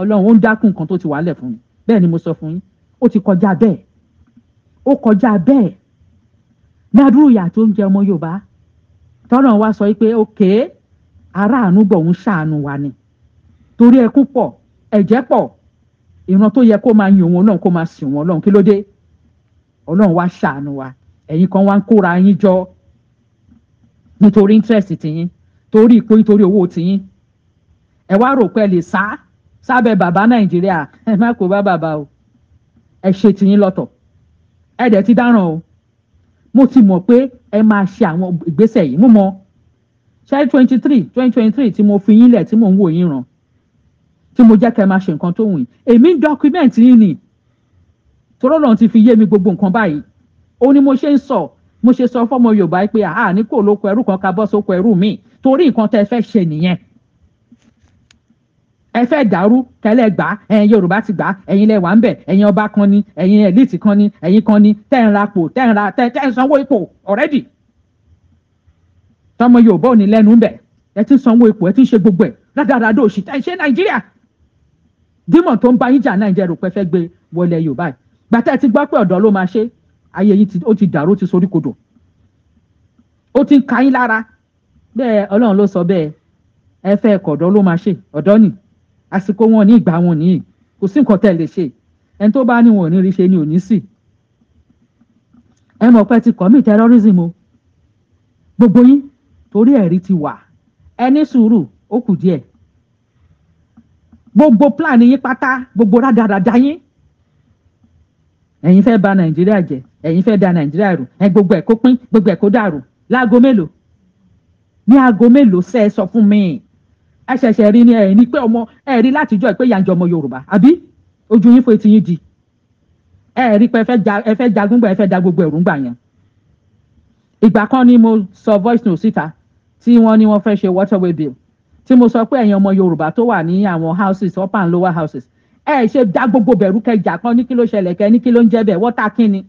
[SPEAKER 1] ọlọ́run ó ń dákun nǹkan tó ti wà lẹ̀ fún mi bẹ́ẹ̀ ni mo sọ fún yín ó ti kọjá bẹ́ẹ̀ ó kọjá bẹ́ẹ̀ ní adúrú ìyà tó ń jẹ ọmọ yorùbá tọ́nà wa sọ pé òkè aráàánú bọ̀ ń ṣàánú wa ni torí ẹkún pọ̀ ẹ̀jẹ̀ pọ̀ ìran tó yẹ kó máa yin òun ọlọ́run kó máa sìn òun ọlọ́run kí ló dé ọlọ́run wá ṣàánú wa ẹ̀yin kan wá ń kóra yín jọ nítorí interest tiyín torí ipò nítorí owó tiyín ẹ wá rò pé ẹ lè sá sábẹ́ bàbá nàìjíríà ẹ má kó bá bàbá o ẹ ṣe tiyín lọ́tọ̀ ẹ dẹ̀ ti dáràn o mo ti mọ̀ pé ẹ máa ṣe àwọn ìgbésẹ̀ yìí mo mọ̀ ṣáájú twenty three twenty twenty three tí mo fi yín lẹ̀ tí mò ń wò yín ràn tí mo jẹ́ kẹ́ ẹ máa ṣe nǹkan tó wù yín èmi ń dọ́kúmẹ́ǹtì yín ni tọ́rọ́ náà ti fi yé mi gbogbo nǹkan báyìí ó ní mo ṣe ń sọ mo ṣe sọ fọ́mọ yorùbá pé àá ní kò lóko ẹrú kan ká bọ́ sóko ẹrú míì torí nǹkan tẹ́ fẹ́ ṣe nìyẹn ẹ fẹ́ dàrú tẹ́lẹ̀ gbà ẹ̀yin yorùbá ti gbà ẹ̀yin lẹ́wà ń bẹ̀ ẹ̀yin ọba kan ni ẹ̀yin ẹ̀líìtì kan ni ẹ̀yin kan ni tẹ́ ń ra pò tẹ́ ra tẹ́ sanwó ipò already tọmọ yorùbá ò ní lẹ́nu ń bẹ̀ ẹ ti ń sanwó ipò ẹ ti ń ṣe gbogbo ẹ̀ rádaràdà òṣì tẹ́ ń ṣe nàìjíríà dímọ̀ tó ń bá yín jà nàìjíríà rò pé fẹ́ gbé wọlé yorùbá gbàtẹ́ ti gbọ́ pé ọ̀dọ́ ló máa ṣe ayé yín ó ti dàrú ó ti soríkodò ó ti ń ka yín lára bẹ́ẹ̀ ọlọ́run ló sọ bẹ́ẹ̀ ẹ fẹ́ ẹ̀kọ́ ọ̀dọ́ ló máa ṣe ọ̀dọ́ nì àsìkò wọn ní ìgbà wọn nìyí kò sí nǹkan tẹ̀ lè ṣe ẹni tó bá ní wọn ò ní rí ṣe ni ò ní sì ẹ mọ̀ pé ti commit terrorism o gbogbo yín torí ẹ̀rí ti wà ẹ ní sùúrù ó kù díẹ̀ gbogbo plan yín pátá gbogbo rádaràda yín ẹ̀yin fẹ́ bà nàìjíríà jẹ́ ẹ̀yin fẹ́ da nàìjíríà rú ẹ gbogbo ẹ̀ kó pín gbogbo ẹ̀ kó dàrú láago mélòó ní aago mélòó sẹ́ ẹ sọ fún mi ẹ rí ni ẹ ní pé ọmọ ẹ rí látijọ́ ẹ pé ìyá ń jẹ ọmọ yorùbá àbí ojú yín fún etí yín di ẹ rí pé ẹ fẹ́ jagun gbà ẹ fẹ́ da gbogbo ẹ̀rú gbà yẹn ìgbà kan ni mo sọ voice note síta tí wọ́n ní wọ́n fẹ́ ṣe waterway bill tí mo sọ pé ẹ̀yin ọmọ yorùbá tó wà ní àwọn houses upper and lower houses ẹ ṣe dá gbogbo bẹ̀rù kẹjà kan ní kí ló ṣẹlẹ̀ kẹ ní kí ló ń jẹ́ bẹ̀ wọ́tà kí ni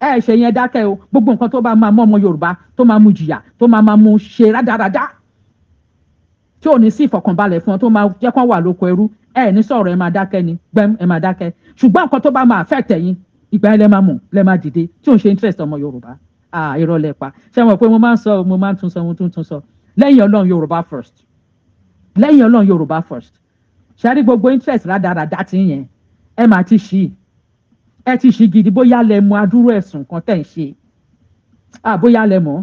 [SPEAKER 1] ẹ ṣe yẹn dákẹ́ o gbogbo nǹkan tó bá máa mú ọmọ Yorùbá tó máa mú jìyà tó máa máa mú ṣe rádaràdá tí ò ní sí ìfọ̀kànbalẹ̀ fún ọ tó máa jẹ́ kán wà lóko ẹrú ẹ ní sọ̀rọ̀ ẹ máa dákẹ́ ni gbẹ́m ẹ máa dákẹ́ ṣùgbọ́n nǹkan tó bá máa affect yín ìgbà yẹn lẹ máa mọ̀ máa dìde tí ò ń ṣe interest ọmọ Yorùbá ah irọ́ lẹ pa ṣé wọn pé mo máa ń sọ mo máa ń tún first lẹ́yìn Ọlọ́run Yorùbá first ṣe àrí gbogbo interest rádaràdá ti yẹn ẹ máa ti ṣí ẹ ti ṣì gidi bóyá lẹ mọ adúrú ẹ̀sùn kan tẹ̀ ń ṣe à bóyá lẹ mọ̀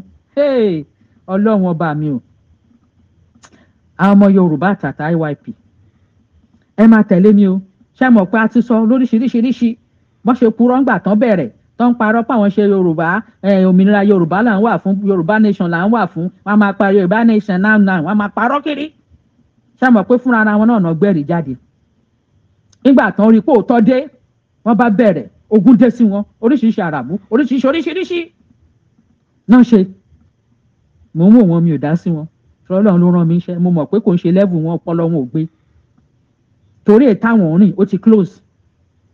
[SPEAKER 1] ọlọ́run ọba mi o àwọn ọmọ yorùbá àtàtà iyp ẹ máa tẹ̀lé mi o ṣé mọ̀ pé a ti sọ lóríṣiríṣiríṣi wọ́n ṣe purọ́ ńgbà tán bẹ̀rẹ̀ tó ń parọ́ páwọn ṣe yorùbá òmìnira yorùbá là ń wà fún yorùbá nation là ń wà fún wọ́n máa pa yorùbá nation now now wọ́n máa parọ́ kiri ṣé mọ̀ pé fúnra wọn náà gbẹ̀rì jáde nígbà tán rí pé òótọ́ dé wọ́n bá bẹ̀rẹ̀ ogun dé sí wọn oríṣiríṣi àràbù oríṣiríṣi oríṣiríṣi náà ṣe mò ń wò wọn mi ò dá sí wọn Ọlọ́run ló rán mi iṣẹ́ mo mọ̀ pé kò ń ṣe level wọn ọpọlọ wọn ò gbé torí ẹ̀ rìn ó ti close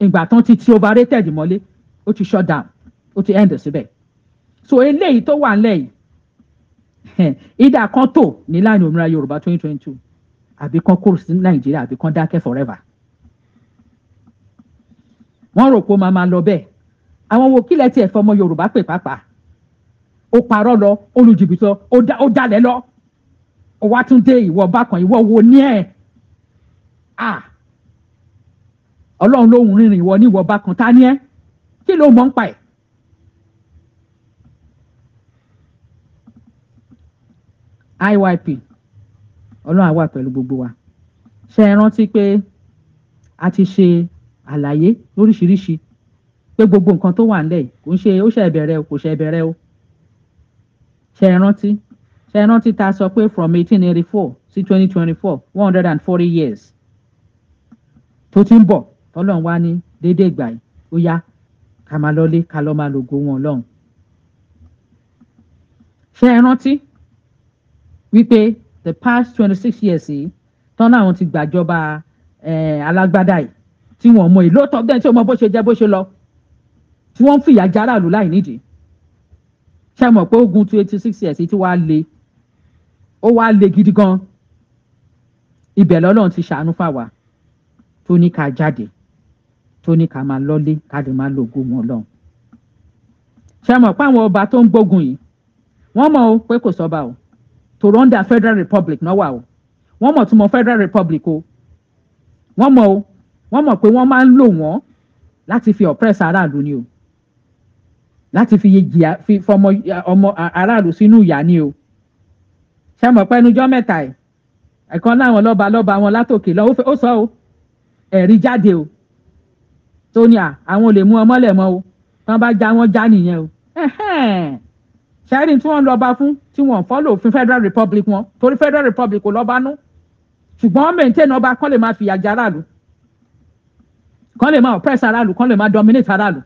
[SPEAKER 1] ìgbà tán ti ti overrated mọ́lé ó ti shut down ó ti end síbẹ̀ so eléyìí tó wà ńlẹ̀ yìí ìdá kan tó ní láàrin òmìnira Yorùbá twenty twenty two àbí kan kúrò sí Nàìjíríà àbí kan dákẹ́ forever wọ́n rò pé ó máa máa lọ bẹ́ẹ̀ àwọn wo kílẹ̀ tiẹ̀ fọmọ yorùbá pè pàápàá ó parọ́ lọ olùjìbìtì ó dalẹ̀ lọ ó wá tún dé ìwọ bákan ìwọ wo ní ẹ̀ à ọlọ́run lóhùn rìnrìn ìwọ ní ìwọ bákan ta ni ẹ́ kí ló mọ̀ ń pa ẹ̀. IYP ọlọ́run àwa pẹ̀lú gbogbo wa ṣe é rántí pé a ti ṣe àlàyé lóríṣiríṣi pé gbogbo nǹkan tó wà nílẹ̀ kò ń ṣe ó ṣe ìbẹ̀rẹ̀ o kò ṣe ìbẹ̀rẹ̀ o ṣe é rántí ṣe é rántí ta sọ pé from eighteen eighty four sí twenty twenty four one hundred and forty years tó ti ń bọ̀ tọ́lọ́run wá ní déédéé ìgbà yìí ó yá ká máa lọlé ká lọ́ máa lògo wọn lọ́hùn. ṣe é rántí wípé the past twenty six years yìí tán láwọn ti gbàjọba eh, alágbádá yìí tí wọn mọ èlò tọ́ dẹ́n tí ó mọ bó ṣe jẹ́ bó ṣe lọ tí wọ́n ń fìyà já aráàlú láì nídìí ṣe mọ̀ pé ogun two eighty six years ti wá le ó wá le gidi gan ibẹ̀ lọ́lọ́run ti ṣàánú fáwa tó ní ká jáde tó ní ká máa lọ́lé ká lè máa lo ògùn wọn lọ́hùn ṣe mọ̀ pé àwọn ọba tó ń gbógun yìí wọ́n mọ̀ o pé kò sọ́ba o tòró ń Federal Republic náà wà o wọ́n mọ̀ tún mọ̀ Federal Republic o wọ́n mọ̀ o wọ́n mọ̀ pé wọ́n máa ń lò wọ́n láti fi oppress aráàlú ni o láti fi jìyà fi fọmọ ọmọ aráàlú sínú ìyà ni o ṣé mọ̀ pé ẹnujọ́ mẹ́ta ẹ̀ ẹ̀kan láwọn lọ́ba lọ́ba wọn látòkè lọ ó sọ o ẹ̀rí jáde o tó ní à àwọn ò lè mú ọmọ lẹ̀ mọ́ o wọ́n bá já wọ́n já nìyẹn o ṣẹ́rìn tí wọ́n lọ́ba fún tí wọ́n fọ́lò fún Federal Republic wọn torí Federal Republic kò lọ́ba nú ṣùgbọ́n mẹ́ńtẹ́nì ọba kan lè máa fìyà jẹ aráàlú kán lè máa oppress aráàlú kán lè máa dominate aráàlú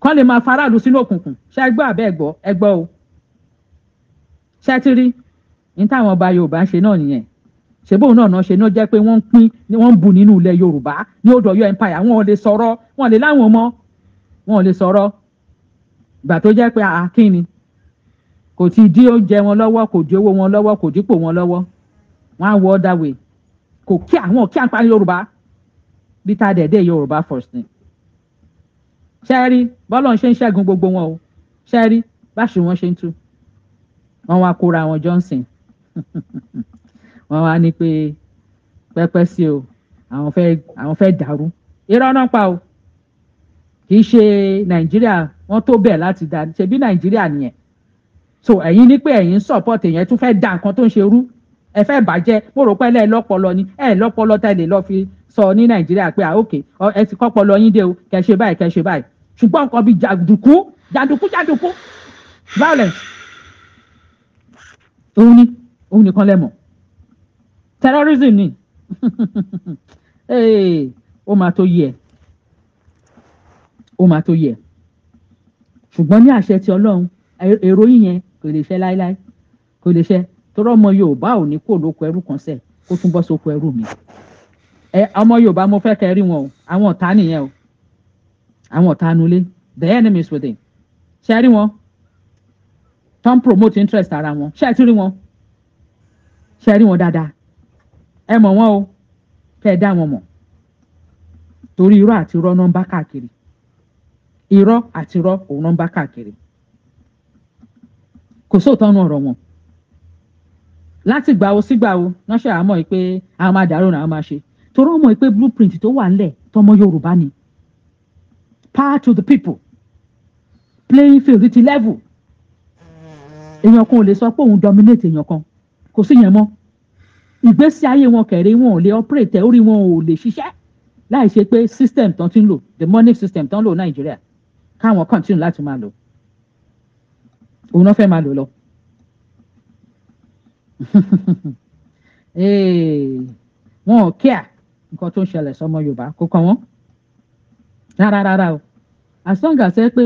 [SPEAKER 1] kán lè máa fa aráàlú sínú òkùnkùn ṣé ẹ gbọ́ àbẹ́ ẹ gbọ́ ẹ gbọ́ o ṣé ti rí ní táwọn ọba Yorùbá ń ṣe náà nìyẹn ṣèbóun náà náà ṣe náà jẹ́ pé wọ́n ń pín wọ́n ń bu nínú ilẹ̀ Yorùbá ní odò Ọ̀yọ́ empire wọn ò lè sọ̀rọ̀ wọn ò lè láwọn ọmọ wọn ò lè sọ̀rọ̀ ìgbà tó jẹ́ pé àákínni kò ti dí oúnjẹ wọn lọ́wọ́ kò dí owó wọn lọ́wọ́ kò dípò wọn lọ́wọ́ wọn á wọ ọ́dà wè kò kí àwọn kí à Yorùbá bí tá a dẹ̀ dé yorùbá first ni. ṣẹ́ẹ́rí bọ́lọ̀ ń ṣe ń ṣẹ́gun gbogbo wọn o ṣẹ́ẹ́rí báṣu wọn ṣe ń tú wọn wá kóra wọn johnson wọn wá ní pé pẹ́pẹ́ sí o àwọn fẹ́ àwọn fẹ́ dàrú irọ́ náà pa o kì í ṣe nàìjíríà wọ́n tó bẹ̀ láti dá ṣe bí nàìjíríà nìyẹn so ẹ̀yin ní pé ẹ̀yin support èèyàn tún fẹ́ da nǹkan tó ń ṣe rú ẹ fẹ́ bàjẹ́ mo rò pé ẹ lọ́pọlọ ni ẹ lọ́pọlọ tá ẹ lè fi sọ ní nàìjíríà pé ok ẹ ti kọ́ pọlọ yín dé o kẹ ṣe báyìí kẹ ṣe báyìí ṣùgbọ́n nǹkan bíi jàǹdùkú jàǹdùkú jàǹdùkú violence òun ni òun nìkan lẹ́mọ̀ terrorism ni ó máa tó yẹ ó máa tó yẹ ṣùgbọ́n ní àṣẹ ti ọlọ́run èrò yìí yẹn kò lè ṣẹ láéláé kò lè ṣẹ torọ́ ọmọ yorùbá ò ní kó lóko ẹrú kan sẹ̀ kó tún bọ́ sóko ẹrú mi ẹ ọmọ yorùbá mo fẹ́ kẹ́ rí wọn o àwọn ọ̀tá nìyẹn o àwọn ọ̀tá nulẹ̀ the enemies within ṣe rí wọn tó promote interest ara wọn ṣe ti rí wọn ṣe rí wọn dáadáa ẹ mọ̀ wọn o kẹ́ ẹ dá wọn mọ̀ torí irọ́ àti irọ́ náà ń bá káàkiri irọ́ àti irọ́ òun náà ń bá káàkiri kò sóòótọ́ nu ọ̀rọ̀ wọn láti gbà wo náà ṣe àmọ́ yìí pé àwọn máa dàrú náà máa ṣe torí wọn mọ̀ pé blueprint tó wà ńlẹ̀ tọmọ Yorùbá ni power to the people playing field ti level èèyàn kan ò lè sọ pé òun dominate èèyàn kan kò sí yẹn mọ́ ìgbésí ayé wọn kẹrẹ wọn ò lè operate orí wọn ò lè ṣiṣẹ́ láì ṣe pé system tán ti ń lò the money system tán ń lò Nàìjíríà káwọn continue láti máa lò òun náà fẹ́ máa lò lọ. wọn ò kíá nǹkan tó ń ṣẹlẹ̀ sọmọ yorùbá kò kàn wọ́n rárá rárá o as long as ẹ pé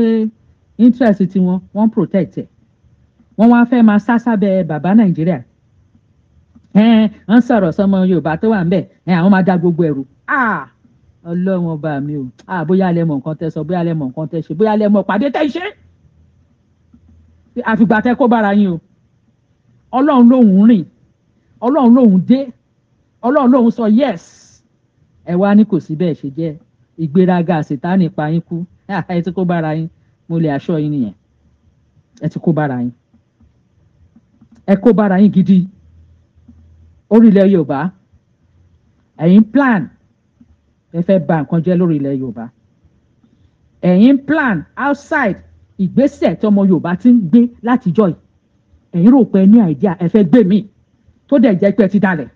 [SPEAKER 1] interest tiwọn wọ́n protect ẹ̀ wọ́n wá fẹ́ máa sá sábẹ́ bàbá nàìjíríà ń sọ̀rọ̀ sọmọ yorùbá tó wà ń bẹ̀ àwọn máa dá gbogbo ẹ̀rù ah! ọlọ́run ọba mi o ah, bóyá alẹ́ mọ̀ nǹkan tẹ sọ bóyá alẹ́ mọ̀ nǹkan tẹ ṣe bóyá alẹ́ mọ̀ pàdé tẹ ṣe àfìgbà tẹ kó bára yín o ọlọ́run lòun rìn ọlọ́run lòun dé ọlọ́run lòun sọ yes ẹ wá ní kò sí bẹ́ẹ̀ ṣe jẹ́ ìgbéraga àṣetánì pa yín kú ẹ ti kó bára yín mo lè aṣọ yín nìyẹn ẹ ti kó bára yín ẹ kó bára yín gidi orílẹ̀ yorùbá ẹ̀yin plan ẹ fẹ́ bà nǹkan jẹ́ lórí ilẹ̀ yorùbá ẹ̀yin plan outside ìgbésẹ̀ tí ọmọ yorùbá ti ń gbé látijọ́ yìí ẹ̀yin rò pé ní àìdíà ẹ fẹ́ gbé mi tó dẹ̀ jẹ́ pé ẹ ti dalẹ̀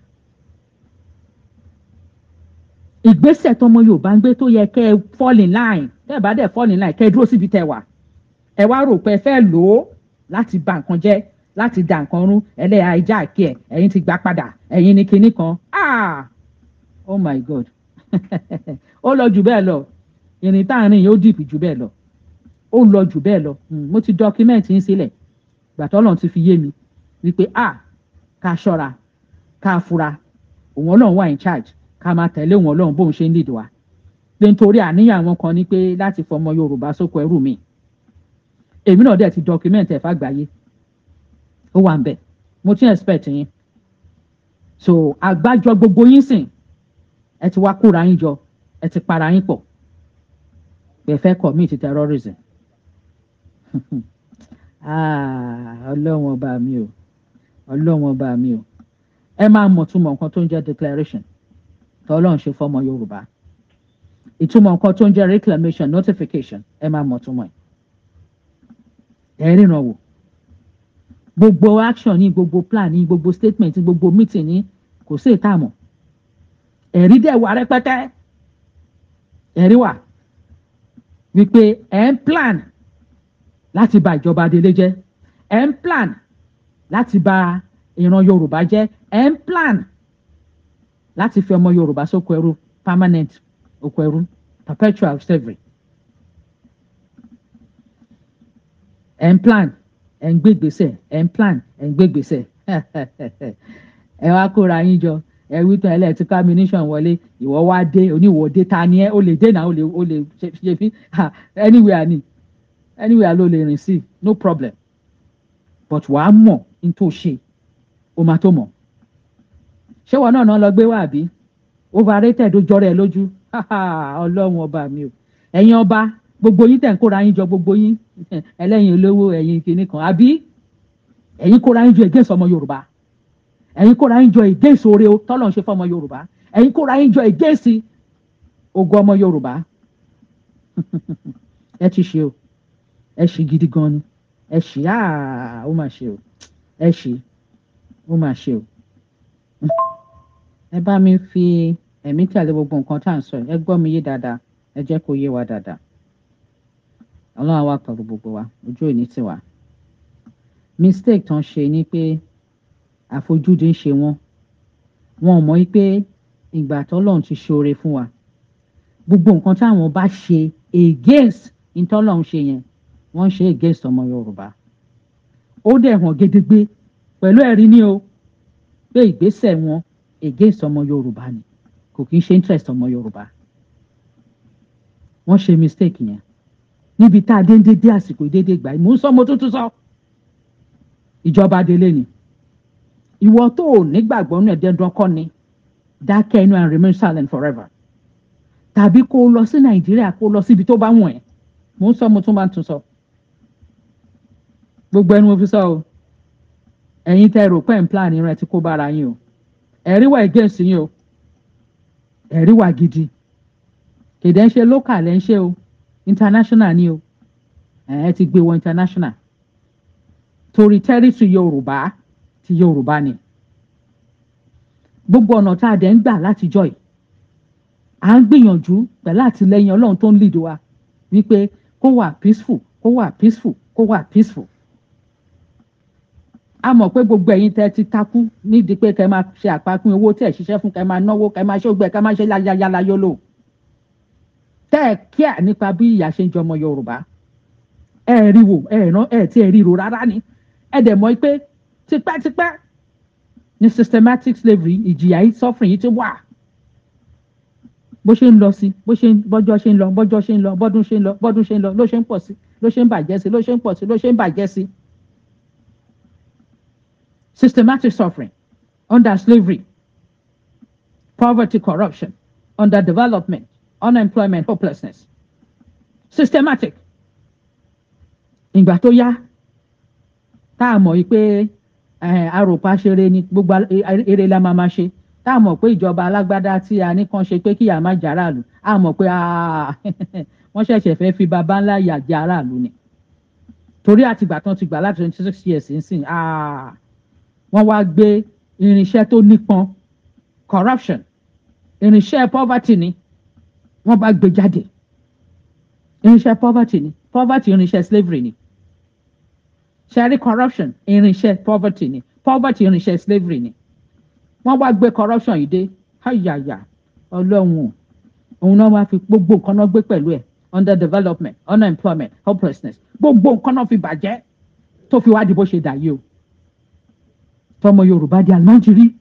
[SPEAKER 1] ìgbésẹ̀ tọmọ Yorùbá ń gbé tó yẹ kẹ́ ẹ fall in line tẹ́ ẹ bá dẹ̀ fall in line kẹ́ ẹ dúró síbi tẹ́ wà ẹ wá rò pé ẹ fẹ́ lò ó láti bà nǹkan jẹ́ láti dà nǹkan rú ẹlẹ́yà ajá àkí ẹ̀ ẹ̀yin ti gbà padà ẹ̀yin ni kinní kan ah oh my god ó lọ jù bẹ́ẹ̀ lọ ìrìn tá à ń rìn yóò dìpì jù bẹ́ẹ̀ lọ ó lọ jù bẹ́ẹ̀ lọ hmm, mo ti dọkímẹ́ǹtì ń sílẹ̀ gbàtọ́ ti fi yé mi wípé ah ká ṣọ́ra ká fura òun ọlọ́run wà in charge ká máa tẹ̀lé òun ọlọ́run bóun ṣe ń lead wa pé nítorí àníyàn àwọn kan ni pé láti fọmọ yorùbá sóko ẹrú mi èmi náà dẹ̀ ti document ẹ̀ fàgbáyé ó wà ń bẹ̀ mo ti expect yín so àgbájọ gbogbo yín sìn ẹ ti wá kóra yín jọ ẹ ti para yín pọ̀ pé fẹ́ commit terrorism ah, ọlọ́wọ́n bá mi o ọlọ́wọ́n bá mi o ẹ máa mọ̀ túmọ̀ nǹkan tó ń jẹ́ declaration tọ́lọ́run ṣe fọ́mọ yorùbá ìtumọ̀ nǹkan tó ń jẹ́ reclamation notification ẹ máa mọ̀ túmọ̀ ẹ̀ ẹ̀ ríran wò gbogbo action ní gbogbo plan ní gbogbo statement ní gbogbo meeting ní kò sí ìta mọ̀ ẹ̀rí dẹ̀ wà rẹpẹtẹ ẹ̀rí wà wípé ẹ̀ ń plan láti ba ìjọba délé jẹ́ ẹ̀ ń plan láti ba ìran yorùbá jẹ́ ẹ̀ ń plan láti fi ọmọ yorùbá sóko ẹrú permanent oko ẹrú perpetual slavery ẹ̀ ń plan ẹ̀ ń gbégbèsè ẹ̀ ń plan ẹ̀ ń gbégbèsè ẹ wá kóra yín jọ ẹ wí tán ẹlẹ́ẹ̀tì kámínísàn wọlé ìwọ wá dé oníwọ̀ dé ta ni ẹ ó lè dé náà ó lè ó lè ṣe fi anywhere ni anywhere ló lè rìn sí no problem but wàá mọ̀ n tó ṣe ó máa tó mọ̀ ṣé wọn náà náà lọ gbé wá àbí overrated ojọ́ rẹ̀ lójú ọlọ́run ọba mi o ẹ̀yin ọba gbogbo yín tẹ̀ ń kóra yín jọ gbogbo yín ẹlẹ́yin olówó ẹ̀yin kìíní kan àbí ẹ̀yin kóra yín jọ against ọmọ yorùbá ẹ̀yin kóra yín jọ against oore tọ́lọ̀ ń ṣe fọmọ yorùbá ẹ̀yin kóra yín jọ against ogun ọmọ yorùbá ẹ ti ṣe o ẹ ṣe gidi gan ni ẹ ṣe ah, ó mà ṣe o ẹ ṣe ó mà ṣe o. ẹ bá mi fi ẹ̀mí tẹ̀lé gbogbo nǹkan tá à ń sọ ẹ gbọ́ mi yé dáadáa ẹ jẹ́ kó yé wa dáadáa ọlọ́run àwa pẹ̀lú gbogbo wa ojú òní ti wà mistake tán ṣe ni pé àfojúdi ń ṣe wọ́n wọn ò mọ̀ pé ìgbà tọ́lọ́run ti ṣoore fún wa gbogbo nǹkan táwọn bá ṣe against ìtọ́lọ́run ṣe yẹn wọ́n ṣe against ọmọ yorùbá ó dẹ̀ hàn gedegbe pẹ̀lú ẹ̀rí ni o pé ìgbésẹ̀ wọn against ọmọ yorùbá ni kò kí ń ṣe interest ọmọ yorùbá wọ́n ṣe mistake yẹn níbi tá a dé ń dédé àsìkò ìdédé gbà mò ń sọ mo tuntun sọ ìjọba délé ni ìwọ tó o nígbàgbọ́ nínú ẹ̀dẹ́dùn ọkọ ni dákẹ́ inú and remain silent forever tàbí kó o lọ sí nàìjíríà kó o lọ síbi tó bá wọ̀n ẹ́ mò ń sọ mo tún máa ń tún sọ gbogbo ẹni mo fi sọ o ẹ̀yin tẹ́ rò pé ń plan ìran ẹ ti kó bára yín o ẹ̀rí wà against yín o ẹ̀rí wà gidi kèdè ń ṣe local ẹ̀ ń ṣe o international ni o ẹ ti gbé wọn international torí territory yorùbá ti yorùbá ni gbogbo ọ̀nà tá a dẹ̀ ń gbà látijọ́ yìí à ń gbìyànjú pẹ̀lú àtìlẹ́yìn ọlọ́run tó ń lead wa wípé kó wà peaceful kó wà peaceful kó wà peaceful a mọ̀ pé gbogbo ẹ̀yin tẹ́ ti takú nídìí pé kẹ́ máa ṣe àpapín owó tẹ́ ṣiṣẹ́ fún kẹ́ máa náwó kẹ́ máa ṣógbẹ́ kẹ́ máa ṣe yálayála yólò tẹ́ ẹ̀ kíà nípa bí ìyà ṣe ń jọmọ Yorùbá ẹ̀ rí wò ẹ̀ rán ẹ̀ tí ẹ̀ ríro rárá ni ẹ̀ dẹ̀ mọ̀ pé tipẹ́tipẹ́ ni systematic slavery ìjìyà yìí suffering yìí ti wà bó ṣe ń lọ sí bó ṣe ń bọ́jọ́ ṣe ń lọ bọ́jọ́ ṣe ń lọ bọ́dún ṣe ń lọ bọ́dún ṣe ń lọ ló ṣe ń pọ̀ sí ló ṣe ń bàjẹ́ sí ló ṣe ń pọ̀ sí ló ṣe ń bàjẹ́ sí systematic suffering under slavery, poverty, corruption, underdevelopment, unemployment, hopelessness. Systematic. Ìgbà tó yá tá a mọ̀ yìí pé àròpá eh, ṣeré ni gbogbo eré la máa ma ṣe tá a mọ̀ pé ìjọba alágbádá tí a ní kàn ṣe pé kíyà má jà aráàlú a mọ̀ pé ah, wọ́n ṣẹ̀ṣẹ̀ fẹ́ fi baba ńlá yà jà aráàlú ni torí àtìgbà tán ti gbà láti twenty six years ń sìn wọ́n wá gbé irinṣẹ́ tó nípọn corruption irinṣẹ́ poverty ni wọ́n bá gbé jáde irinṣẹ́ poverty ni poverty irinṣẹ́ slavery ni ṣẹ́rí corruption irinṣẹ́ poverty ni poverty irinṣẹ́ slavery ni wọ́n wá gbé corruption yìí dé ayàyà ọlọ́run òun náà wá fi gbogbo nǹkan náà gbé pẹ̀lú ẹ̀ underdevelopment unemployment hopelessness gbogbo nǹkan náà fi bàjẹ́ tó fi wá di bó ṣe dà yìí o fọmọ yorùbá di almajiri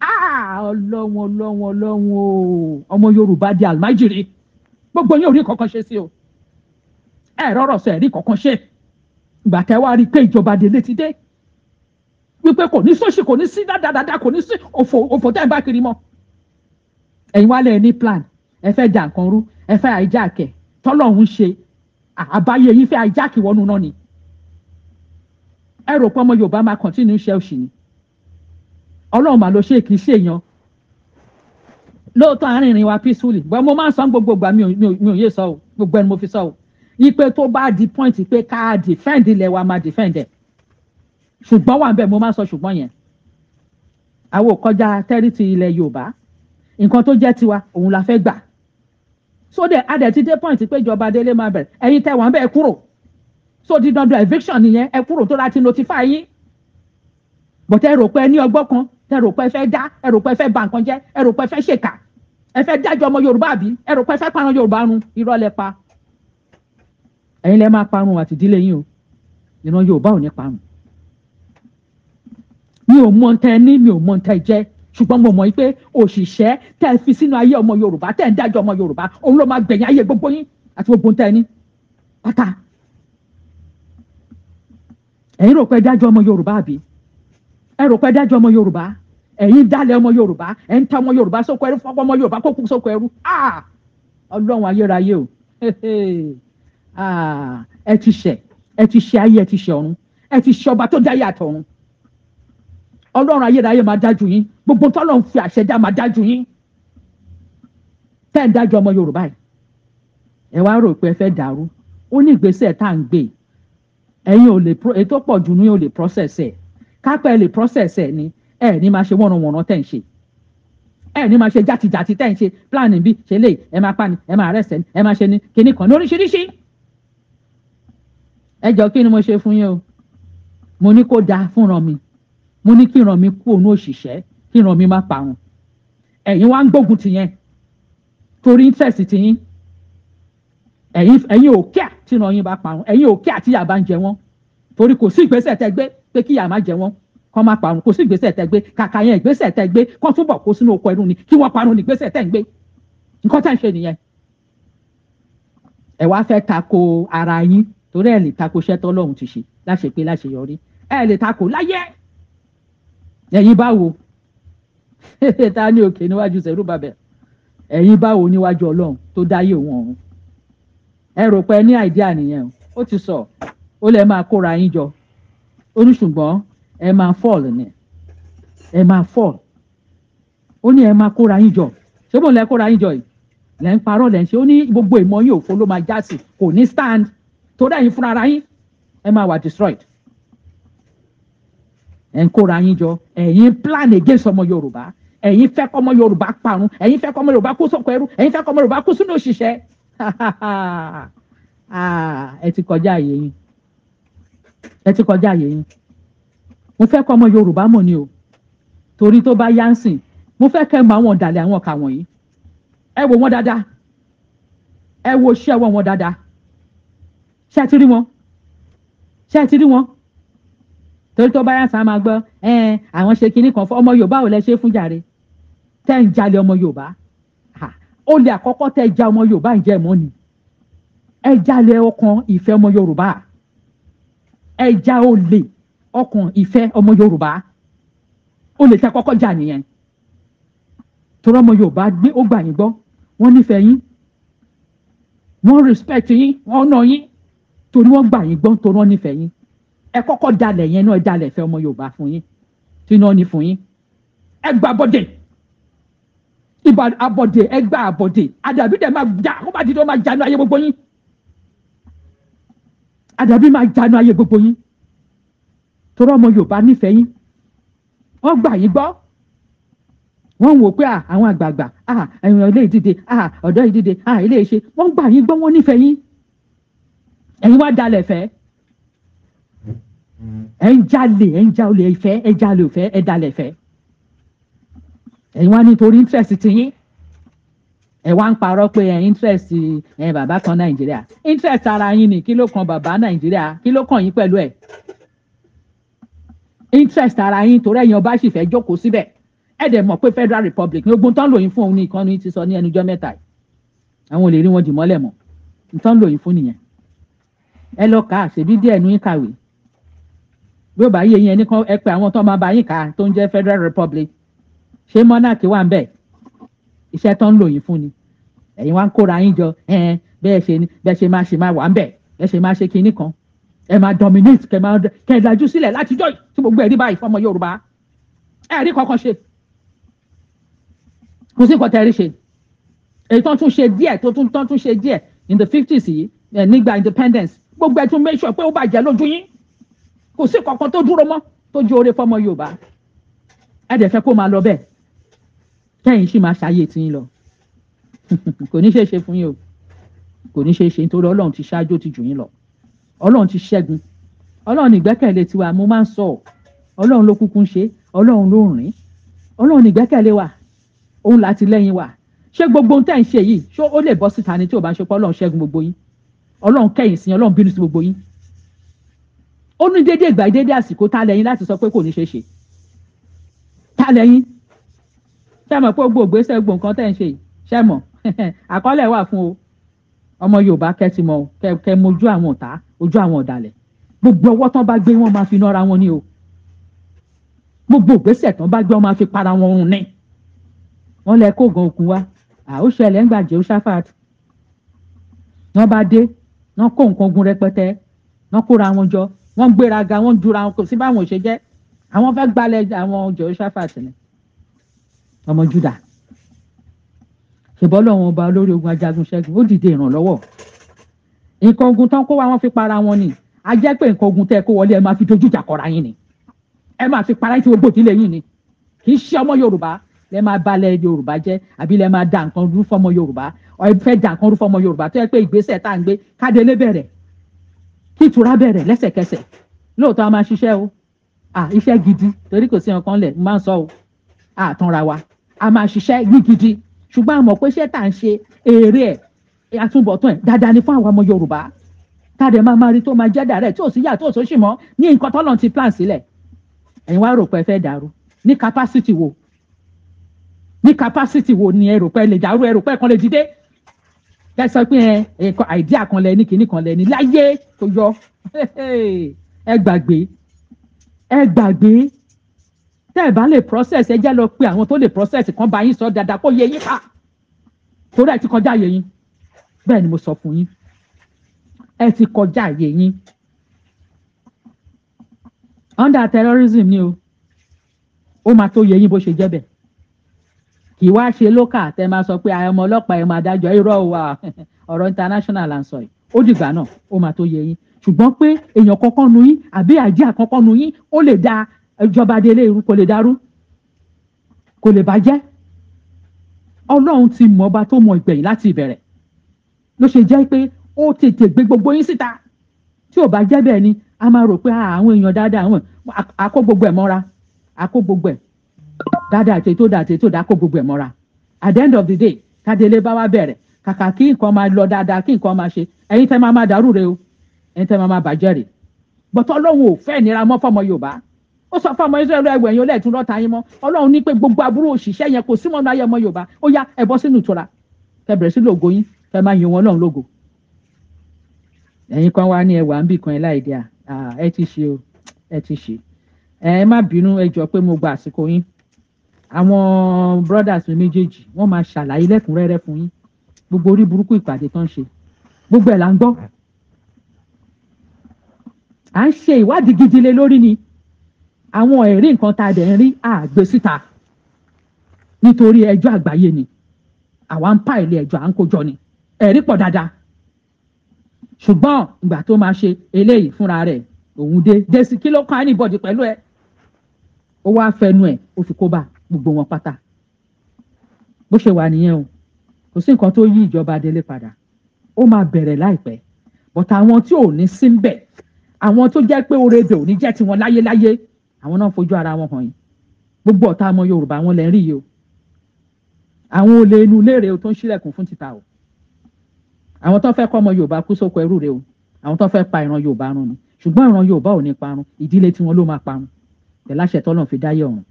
[SPEAKER 1] ah, ọlọ́run ọlọ́run ọlọ́run ọmọ yorùbá di almajiri gbogbo yín ò rí kankan ṣe sí o ẹ rọrọ̀ sọ ẹ rí kankan ṣe ìgbà tẹ wá rí i pé ìjọba délé ti dé wípé kò ní sóṣì kò ní sí dáadáa kò ní sí òfò òfò tẹ́ ẹ bá kiri mọ́ ẹ̀yin wálé ẹ ní plan ẹ fẹ́ dà nǹkan rú ẹ fẹ́ àìjáàkẹ́ tọ́lọ́hún ṣe àbáyé yín fẹ́ àìjáàkì wọnú náà ni ẹ rò pé ọmọ yorùbá máa kọ̀ntínú iṣẹ́ òṣì ni ọlọ́run mà ló ṣe kì í ṣe èèyàn lóòótọ́ àárín ìrìn wa peacefully bọ́ mo máa ń sọ gbogbo ìgbà mi ò yé sọ o gbogbo ẹni mo fi sọ o ipe tó bá di point pé ká defend ilẹ̀ wa máa defend ẹ̀ ṣùgbọ́n wà bẹ́ẹ̀ mo máa ń sọ ṣùgbọ́n yẹn àwọn kọjá tẹ́rìtì ilẹ̀ yorùbá nǹkan tó jẹ́ tiwa òun la fẹ́ gbà so de adẹ̀ ti dé point pé ìjọba délé máa bẹ̀rẹ̀ ẹ̀yin tẹ̀ wọ́n bẹ́ẹ̀ kúrò so di dandan eviction nìyẹn ẹ kúrò tó láti notify yín bọ̀tẹ́ rò pé ẹ ní ọgbọ́n kan ẹ rò pé ẹ fẹ́ dá ẹ rò pé ẹ fẹ́ bà nǹkan jẹ́ ẹ rò pé ẹ fẹ́ ṣèkà ẹ fẹ́ dájọ́ ọmọ yorùbá àbí ẹ rò pé ẹ fẹ́ parun yorùbá run irọ́ lẹ pa ẹ̀yin lẹ máa parun àti ìdílé yín o ìran yorùbá ò ní parun mi ò mọ tẹ ní mi ò mọ tẹ jẹ ṣùgbọ́n mo mọ̀ yí pé òṣìṣẹ́ tẹ́ fi sínú ayé ọmọ yorùbá tẹ́ ń dájọ́ ọmọ yorùbá òun ló máa gbẹ̀yìn ayé gbogbo yín àti gbogbo tẹ́ ní pátá ẹ̀yin rò pé dájọ́ ọmọ yorùbá àbí ẹ rò pé dájú ọmọ yorùbá ẹ̀yin dálẹ̀ ọmọ yorùbá ẹ̀ ń ta ọmọ yorùbá sóko ẹrú fọ́pọ́ ọmọ yorùbá kó kú sóko ẹrú ah! ọlọ́run ayérayé o ah! ẹ ti ṣẹ̀ ẹ ti ṣẹ̀ ayé ẹ ti ṣẹ̀ ọ̀run ẹ ti ṣẹ̀ ọba tó dáyé àtọ̀run ọlọ́run ayérayé máa dájú yín gbogbo tọ́lọ́run fi àṣẹ dá máa dájú yín tẹ́ ń dájú ọmọ yorùbá yìí ẹ wá rò pé ẹ fẹ́ dàrú ó ní ìgbésẹ̀ tá à ń gbé ẹ̀yin ò lè ètò pọ̀ jù ní ò lè process ẹ̀ kápẹ́ lè process ẹ̀ ni ẹ̀ ní máa ṣe wọ̀nàwọ̀nà tẹ̀ ń ṣe ẹ̀ ní máa ṣe jàtìjàtì tẹ̀ ń ṣe planning bí ṣe lè ẹ̀ máa pani ẹ̀ máa arrest ẹ̀ ẹ̀ máa ṣe ní kinní kan ní oríṣiríṣi ẹ jọ kí ni mo ṣe fún yín o mo ní kó dáa fúnran mi mo ní kí ìran mi kú òun òṣìṣẹ́ kí ìran mi má parun ẹ̀yin wá ń gbógun tìyẹn torí interest tìyín ẹ̀yin ẹ̀yin òkè àti ìran yín bá parun ẹ̀yin òkè àti bá ń jẹ wọ́n torí kò sí ìgbésẹ̀ tẹ́ pé kíyà má jẹ wọn kọ́ má parun kò sí ìgbésẹ̀ tẹ́ gbé kàkà yẹn ìgbésẹ̀ tẹ́ gbé kọ́ túbọ̀ kó sínú oko ẹnu ni kí wọ́n parun ní ìgbésẹ̀ tẹ́ ń gbé nǹkan tẹ́ ń ṣe nìyẹn. ẹ wá fẹ́ tako ara yín torí ẹ lè tako iṣẹ́ tọ́lọ́run ti ṣe láṣẹ pé láṣẹ yọrí ẹ lè tako láyé ẹ̀yin báwo ta ní òkè níwájú sẹ́rù bàbẹ̀ ẹ̀yin báwo níwájú ọlọ́run tó dáyé òun ọ̀run ẹ rò pé ní àìdíà nìyẹn o ó ti sọ ó lè máa kóra yín jọ ó ní ṣùgbọ́n ẹ máa fall ni ẹ máa fall ó ní ẹ máa kóra yín jọ ṣé bò ń lẹ kóra yín jọ yìí lẹ ń parọ́ lẹ ń ṣe ó ní gbogbo ìmọ̀ yín òfo ló máa já kò ní stand tó dẹ̀ yín fúnra yín ẹ máa wà destroyed ẹ ń kóra yín jọ ẹ̀yin plan against ọmọ Yorùbá ẹ̀yin fẹ́ kọ́mọ Yorùbá parun ẹ̀yin fẹ́ kọ́mọ Yorùbá kó sóko ẹrú ẹ̀yin fẹ́ kọ́mọ Yorùbá kó sínú òṣìṣẹ́ ah, ẹ ti kọjá àyè yín ẹ ti kọjá àyè yín mo fẹ́ kọ́ ọmọ Yorùbá mọ̀ ni o torí tó bá yá ń sìn mo fẹ́ kẹ́ mọ àwọn ọ̀dàlẹ̀ àwọn ọ̀kà wọ̀nyí ẹ wò wọ́n dáadáa ẹ wo iṣẹ́ ọwọ́ wọn dáadáa ṣé ẹ ti rí wọn ṣé ẹ ti rí wọn torí tó bá yá sàn á máa gbọ́ ẹ àwọn ṣe kinní kan fún ọmọ Yorùbá ò lẹ ṣe fún jàre tẹ́ ń jalè ọmọ Yorùbá ó lè àkọ́kọ́ tẹ́ ẹ ja ọmọ Yorùbá ń jẹ́ mọ́ ni ẹ jalè ọkàn ìfẹ́ ọmọ Yorùbá ẹja olè ọkàn ìfẹ́ ọmọ yorùbá olè tẹ kọ́kọ́ jà nìyẹn torí ọmọ yorùbá gbé ó gbà yín gbọ́ wọ́n nífẹ̀ẹ́ yín wọ́n respect yín wọ́n nà yín torí wọ́n gbà yín gbọ́ torí wọ́n nífẹ̀ẹ́ yín ẹ kọ́kọ́ dalẹ̀ yẹn náà ẹ dalẹ̀ fẹ́ ọmọ yorùbá fún yín tí náà ní fún yín ẹ gba bọ́dẹ̀ ibà abọ́dẹ̀ ẹ gba abọ́dẹ̀ àdàbí dẹ̀ máa jà kó má di tó máa jà ní ayé gbogbo yín àdàbí máa jánu ayé gbogbo yín torọ́ ọmọ yorùbá nífẹ̀ẹ́ yín wọ́n gbà yín gbọ́ wọ́n wò pé àwọn àgbààgbà ẹ̀yìn ilé ìdíde ọ̀dọ́ ìdíde ilé ìṣe wọ́n gbà yín gbọ́ wọ́n nífẹ̀ẹ́ yín ẹ̀yin wá dalẹ̀ fẹ́ ẹ̀ ń jalè ẹ̀ ń jalè ìfẹ́ ẹ̀ jalè òfẹ́ ẹ̀ dalẹ̀ fẹ́ ẹ̀yin wá nítorí interest ti yín ẹ wá ń parọ́ pé ẹ interest ẹ bàbá kan nàìjíríà interest ara yín ni kí ló kan bàbá nàìjíríà kí ló kàn yín pẹ̀lú ẹ̀ interest ara yín torí ẹ̀yin ọba sì fẹ́ jókòó síbẹ̀ ẹ dẹ̀ mọ̀ pé federal republic ní ogun tán lòyìn fún òun ní ìkànnì ti sọ ní ẹnujọ́ mẹ́ta yìí àwọn ò lè rí wọn dì mọ́lẹ̀ mọ́ nǹkan lòyìn fún nìyẹn ẹ lọ kà á ṣèbí díẹ̀ nu yín kàwé bí ó bá yé yín ẹni kan ẹ pé àwọn tó máa bá yín kà á tó ń jẹ́ federal republic ṣé monarch wà ń bẹ̀ iṣẹ́ tó ń lòyìn fún ni ẹ̀yin wá ń kóra yín jọ ẹ̀ẹ́n bẹ́ẹ̀ ṣe bẹ́ẹ̀ ṣe máa ṣe máa wà ń bẹ̀ ẹ ṣe máa ṣe kinní kan ẹ máa dominate kẹ máa kẹ ẹ lajú sílẹ̀ látijọ́ tí gbogbo ẹ̀rí báyìí fọmọ Yorùbá ẹ̀rí kankan ṣe kò sí nǹkan tẹ́rí ṣe èyí tó tún ṣe díẹ̀ tó tún tó tún ṣe díẹ̀ in the fifties yìí nígbà independence gbogbo ẹ̀ tún make sure pé ó bàjẹ́ lójú yín kò sí kankan tó dúró mọ́ tó jẹ́ oore fọmọ Yorùbá ẹ̀ dẹ̀ fẹ́ kó máa lọ bẹ́ẹ̀ kẹ́yìn sì máa ṣàyè kò ní ṣeé ṣe fún yín o kò ní ṣeé ṣe nítorí ọlọ́run ti ṣáájú ó ti jù yín lọ ọlọ́run ti ṣẹ́gun ọlọ́run ìgbẹ́kẹ̀lé tiwa mo máa ń sọ ọlọ́run ló kúkú ń ṣe ọlọ́run ló ń rìn ọlọ́run ìgbẹ́kẹ̀lé wa òun láti lẹ́yìn wa ṣé gbogbo ohun tẹ́ ń ṣe yìí ṣé ó lè bọ́ síta ni tí ò bá ń ṣe pé ọlọ́run ṣẹ́gun gbogbo yín ọlọ́run kẹ́yìn sí ọlọ́run bínú sí gbogbo yín ó ní déédéé ìgbà déédéé àsìkò tá lẹ́yìn láti sọ pé kò ní ṣe ṣe tá lẹ́yìn ṣé mọ̀ pé gbogbo ìgbésẹ̀ gbogbo nǹkan tẹ́ ń ṣe yìí ṣé mọ̀ àkọọ́lẹ̀ wà fún o ọmọ Yorùbá kẹ́tìmọ̀ kẹ kẹ mojú àwọn ọ̀tá ojú àwọn ọ̀dàlẹ̀ gbogbo ọwọ́ tán bá gbé wọn máa fi nọ́ra wọn ni o gbogbo ìgbésẹ̀ tán bá gbé wọn máa fi para wọn run ní wọn lẹ kó gan okùn wa àóṣe ẹlẹ́ngbà Jehoshaphat wọn bá dé wọn kó nǹkan ogun rẹpẹtẹ wọn kóra wọn jọ wọn gbéraga wọn dúra wọn kò sí báwọn ò ṣe jẹ́ àwọn fẹ́ gbalẹ̀ àwọn Jehoshaphat ni ọmọ Juda ṣùgbọ́n lọ́wọ́n ọba olórí ogun ajagun ṣẹ́gun ó dìde ìrànlọ́wọ́ nǹkan ogun tán kó wa wọ́n fi para wọn ni a jẹ́ pé nǹkan ogun tẹ́ ẹ kó wọlé ẹ máa fi dojú ìjà kọra yín ni ẹ máa fi para yín tí gbogbo ìdílé yín ni kì í ṣe ọmọ yorùbá lẹ máa balẹ̀ yorùbá jẹ́ àbí lẹ máa da nǹkan rú fọmọ yorùbá ọ ẹ fẹ́ da nǹkan rú fọmọ yorùbá tó yẹ pé ìgbésẹ̀ tá à ń gbé kádélé bẹ̀rẹ̀ kí ìtura bẹ̀rẹ̀ lẹ́sẹ̀kẹsẹ̀ lóòótọ́ a máa ṣiṣẹ́ o ah iṣẹ́ gidi torí kò sí ọkàn lẹ̀ máa ń sọ o àtànra wa a máa ṣiṣẹ́ ní gidi ṣùgbọ́n a mọ̀ pé iṣẹ́ tá à ń ṣe èrè ẹ̀ àtúbọ̀tán ẹ̀ dáadáa ni fún àwọn ọmọ Yorùbá tàdé máa máa rí tó máa jẹ́ dàrẹ́ tí ò sí yà tó sóṣì mọ́ ní nǹkan tọ́lọ́run ti plan sílẹ̀ ẹ̀yin wá rò pé ẹ fẹ́ dàrú ní capacity wo ní capacity wo ni ẹ rò pé ẹ lè dàrú ẹ rò pé ẹ kan lè dìde ẹ sọ pé ẹ àìdíà kan lẹ ní kinní kan lẹ ní láyé tó yọ ẹ gbàgbé ẹ gbàgbé tẹ́ ẹ̀ bá lè process ẹ jẹ́ lọ pé àwọn tó lè process kan bá yín sọ dáadáa kó yé yín pa torí ẹ ti kọjá yé yín bẹ́ẹ̀ ni mo sọ fún yín ẹ ti kọjá yé yín under terrorism ni o ó máa tó yé yín bó ṣe jẹ́ bẹ́ẹ̀ kì í wá ṣe lókà tẹ máa sọ pé ọmọ ọlọ́pàá ẹ̀ máa dájọ́ irọ́ wa ọ̀rọ̀ international là ń sọ yìí ó dìgbà náà ó máa tó yé yín ṣùgbọ́n pé èèyàn kankan nu yín àbí àjẹ́ àkankan nu yín ó lè da ìjọba adélé irú kò lè darú kò lè bàjẹ́ ọlọ́run ti mọ ọba tó mọ ìgbẹ̀yìn láti ìbẹ̀rẹ̀ ló ṣe jẹ́ pé ó tètè gbé gbogbo yín síta tí ò bá jẹ́ bẹ́ẹ̀ ni a máa rò pé àwọn èèyàn dáadáa àwọn àkó gbogbo ẹ̀ mọ́ra àkó gbogbo ẹ̀ dáadáa àti ètò dáa àti ètò dáa kó gbogbo ẹ̀ mọ́ra at the end of the day kádélé bá wá bẹ̀rẹ̀ kàkà kí nǹkan máa lọ dáadáa kí nǹkan máa ṣe ẹ̀yin tẹ́ máa máa dàrú re o ẹ̀yin tẹ́ máa máa bàjẹ́ rè bọ́tọ́ ọlọ́run ò fẹ́ ìnira mọ́ fọmọ Yorùbá ó sọ fún ọmọ israẹli ẹgbẹ̀yìn olẹ́ẹ̀tún lọ́ta yín mọ́ ọlọ́run ní pé gbogbo aburú òṣìṣẹ́ yẹn kò sí mọ́nú ayé ọmọ yorùbá ó yá ẹ bọ́ sínú ìtura ẹ bẹ̀rẹ̀ sí lógo yín ẹ máa yin wọn lọ́run lógo. ẹ̀yin kan wá ní ẹwà ń bì kan ẹ láìdí à ẹ ti ṣe o ẹ ti ṣe ẹ má bínú ẹ jọ pé mo gba àsìkò yín àwọn brothers mi méjèèjì wọ́n máa ṣàlàyé lẹ́kùnrẹ́rẹ́ fún yín gbogbo orí burúkú ìpàdé tán ṣe gbogbo ẹ̀ là ń gbọ́ à ń ṣe ìwádìí gidi lé lórí ni àwọn ẹ̀rí nǹkan tá a dẹ̀ ń rí àgbè síta nítorí ẹjọ́ àgbáyé ni àwa ń pa ilé ẹjọ́ à ń kójọ ni ẹ̀rí pọ̀ dáadáa ṣùgbọ́n ìgbà tó máa ṣe eléyìí fúnra rẹ̀ òun dé desi kí ló kàn án níbọ̀dì pẹ̀lú ẹ ó wá fẹnu ẹ ó fi kó bá gbogbo wọn pátá bó ṣe wà nìyẹn o kò sí nǹkan tó yí ìjọba délé padà ó máa bẹ̀rẹ̀ láìpẹ́ bọ̀tà àwọn tí ò ní sí ń bẹ̀ àwọn tó jẹ́ pé oore dè ò ní jẹ́ tiwọn láyéláyé àwọn náà fojú ara wọn hàn yín gbogbo ọ̀tá ọmọ Yorùbá wọn lẹ́ ń rí yìí o àwọn olè inú léèrè tó ń ṣílẹ̀kùn fún títà o àwọn tó fẹ́ kọ́ ọmọ Yorùbá kú sóko ẹrú rẹ o àwọn tó fẹ́ pa ìran Yorùbá run ni ṣùgbọ́n ìran Yorùbá ò ní parun ìdílé tiwọn ló máa parun pẹ̀lú àṣẹ tọ́lọ̀ fi dáyé ọ̀run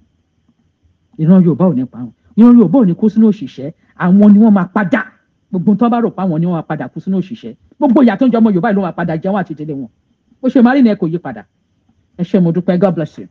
[SPEAKER 1] ìran Yorùbá ò ní parun ìran Yorùbá ò ní kó sínú òṣìṣẹ́ àwọn ni wọ́n máa padà gbogbo tó bá rò pa àwọn ni wọ́n máa padà kú sínú òṣìṣẹ́ gbogbo ìyà tó ń jẹ ọmọ Yorùbá ló máa padà jẹun àti ìdílé wọn bó ṣe máa rí ni ẹ kò yí padà ẹ ṣé mo dúpẹ́ god bless you.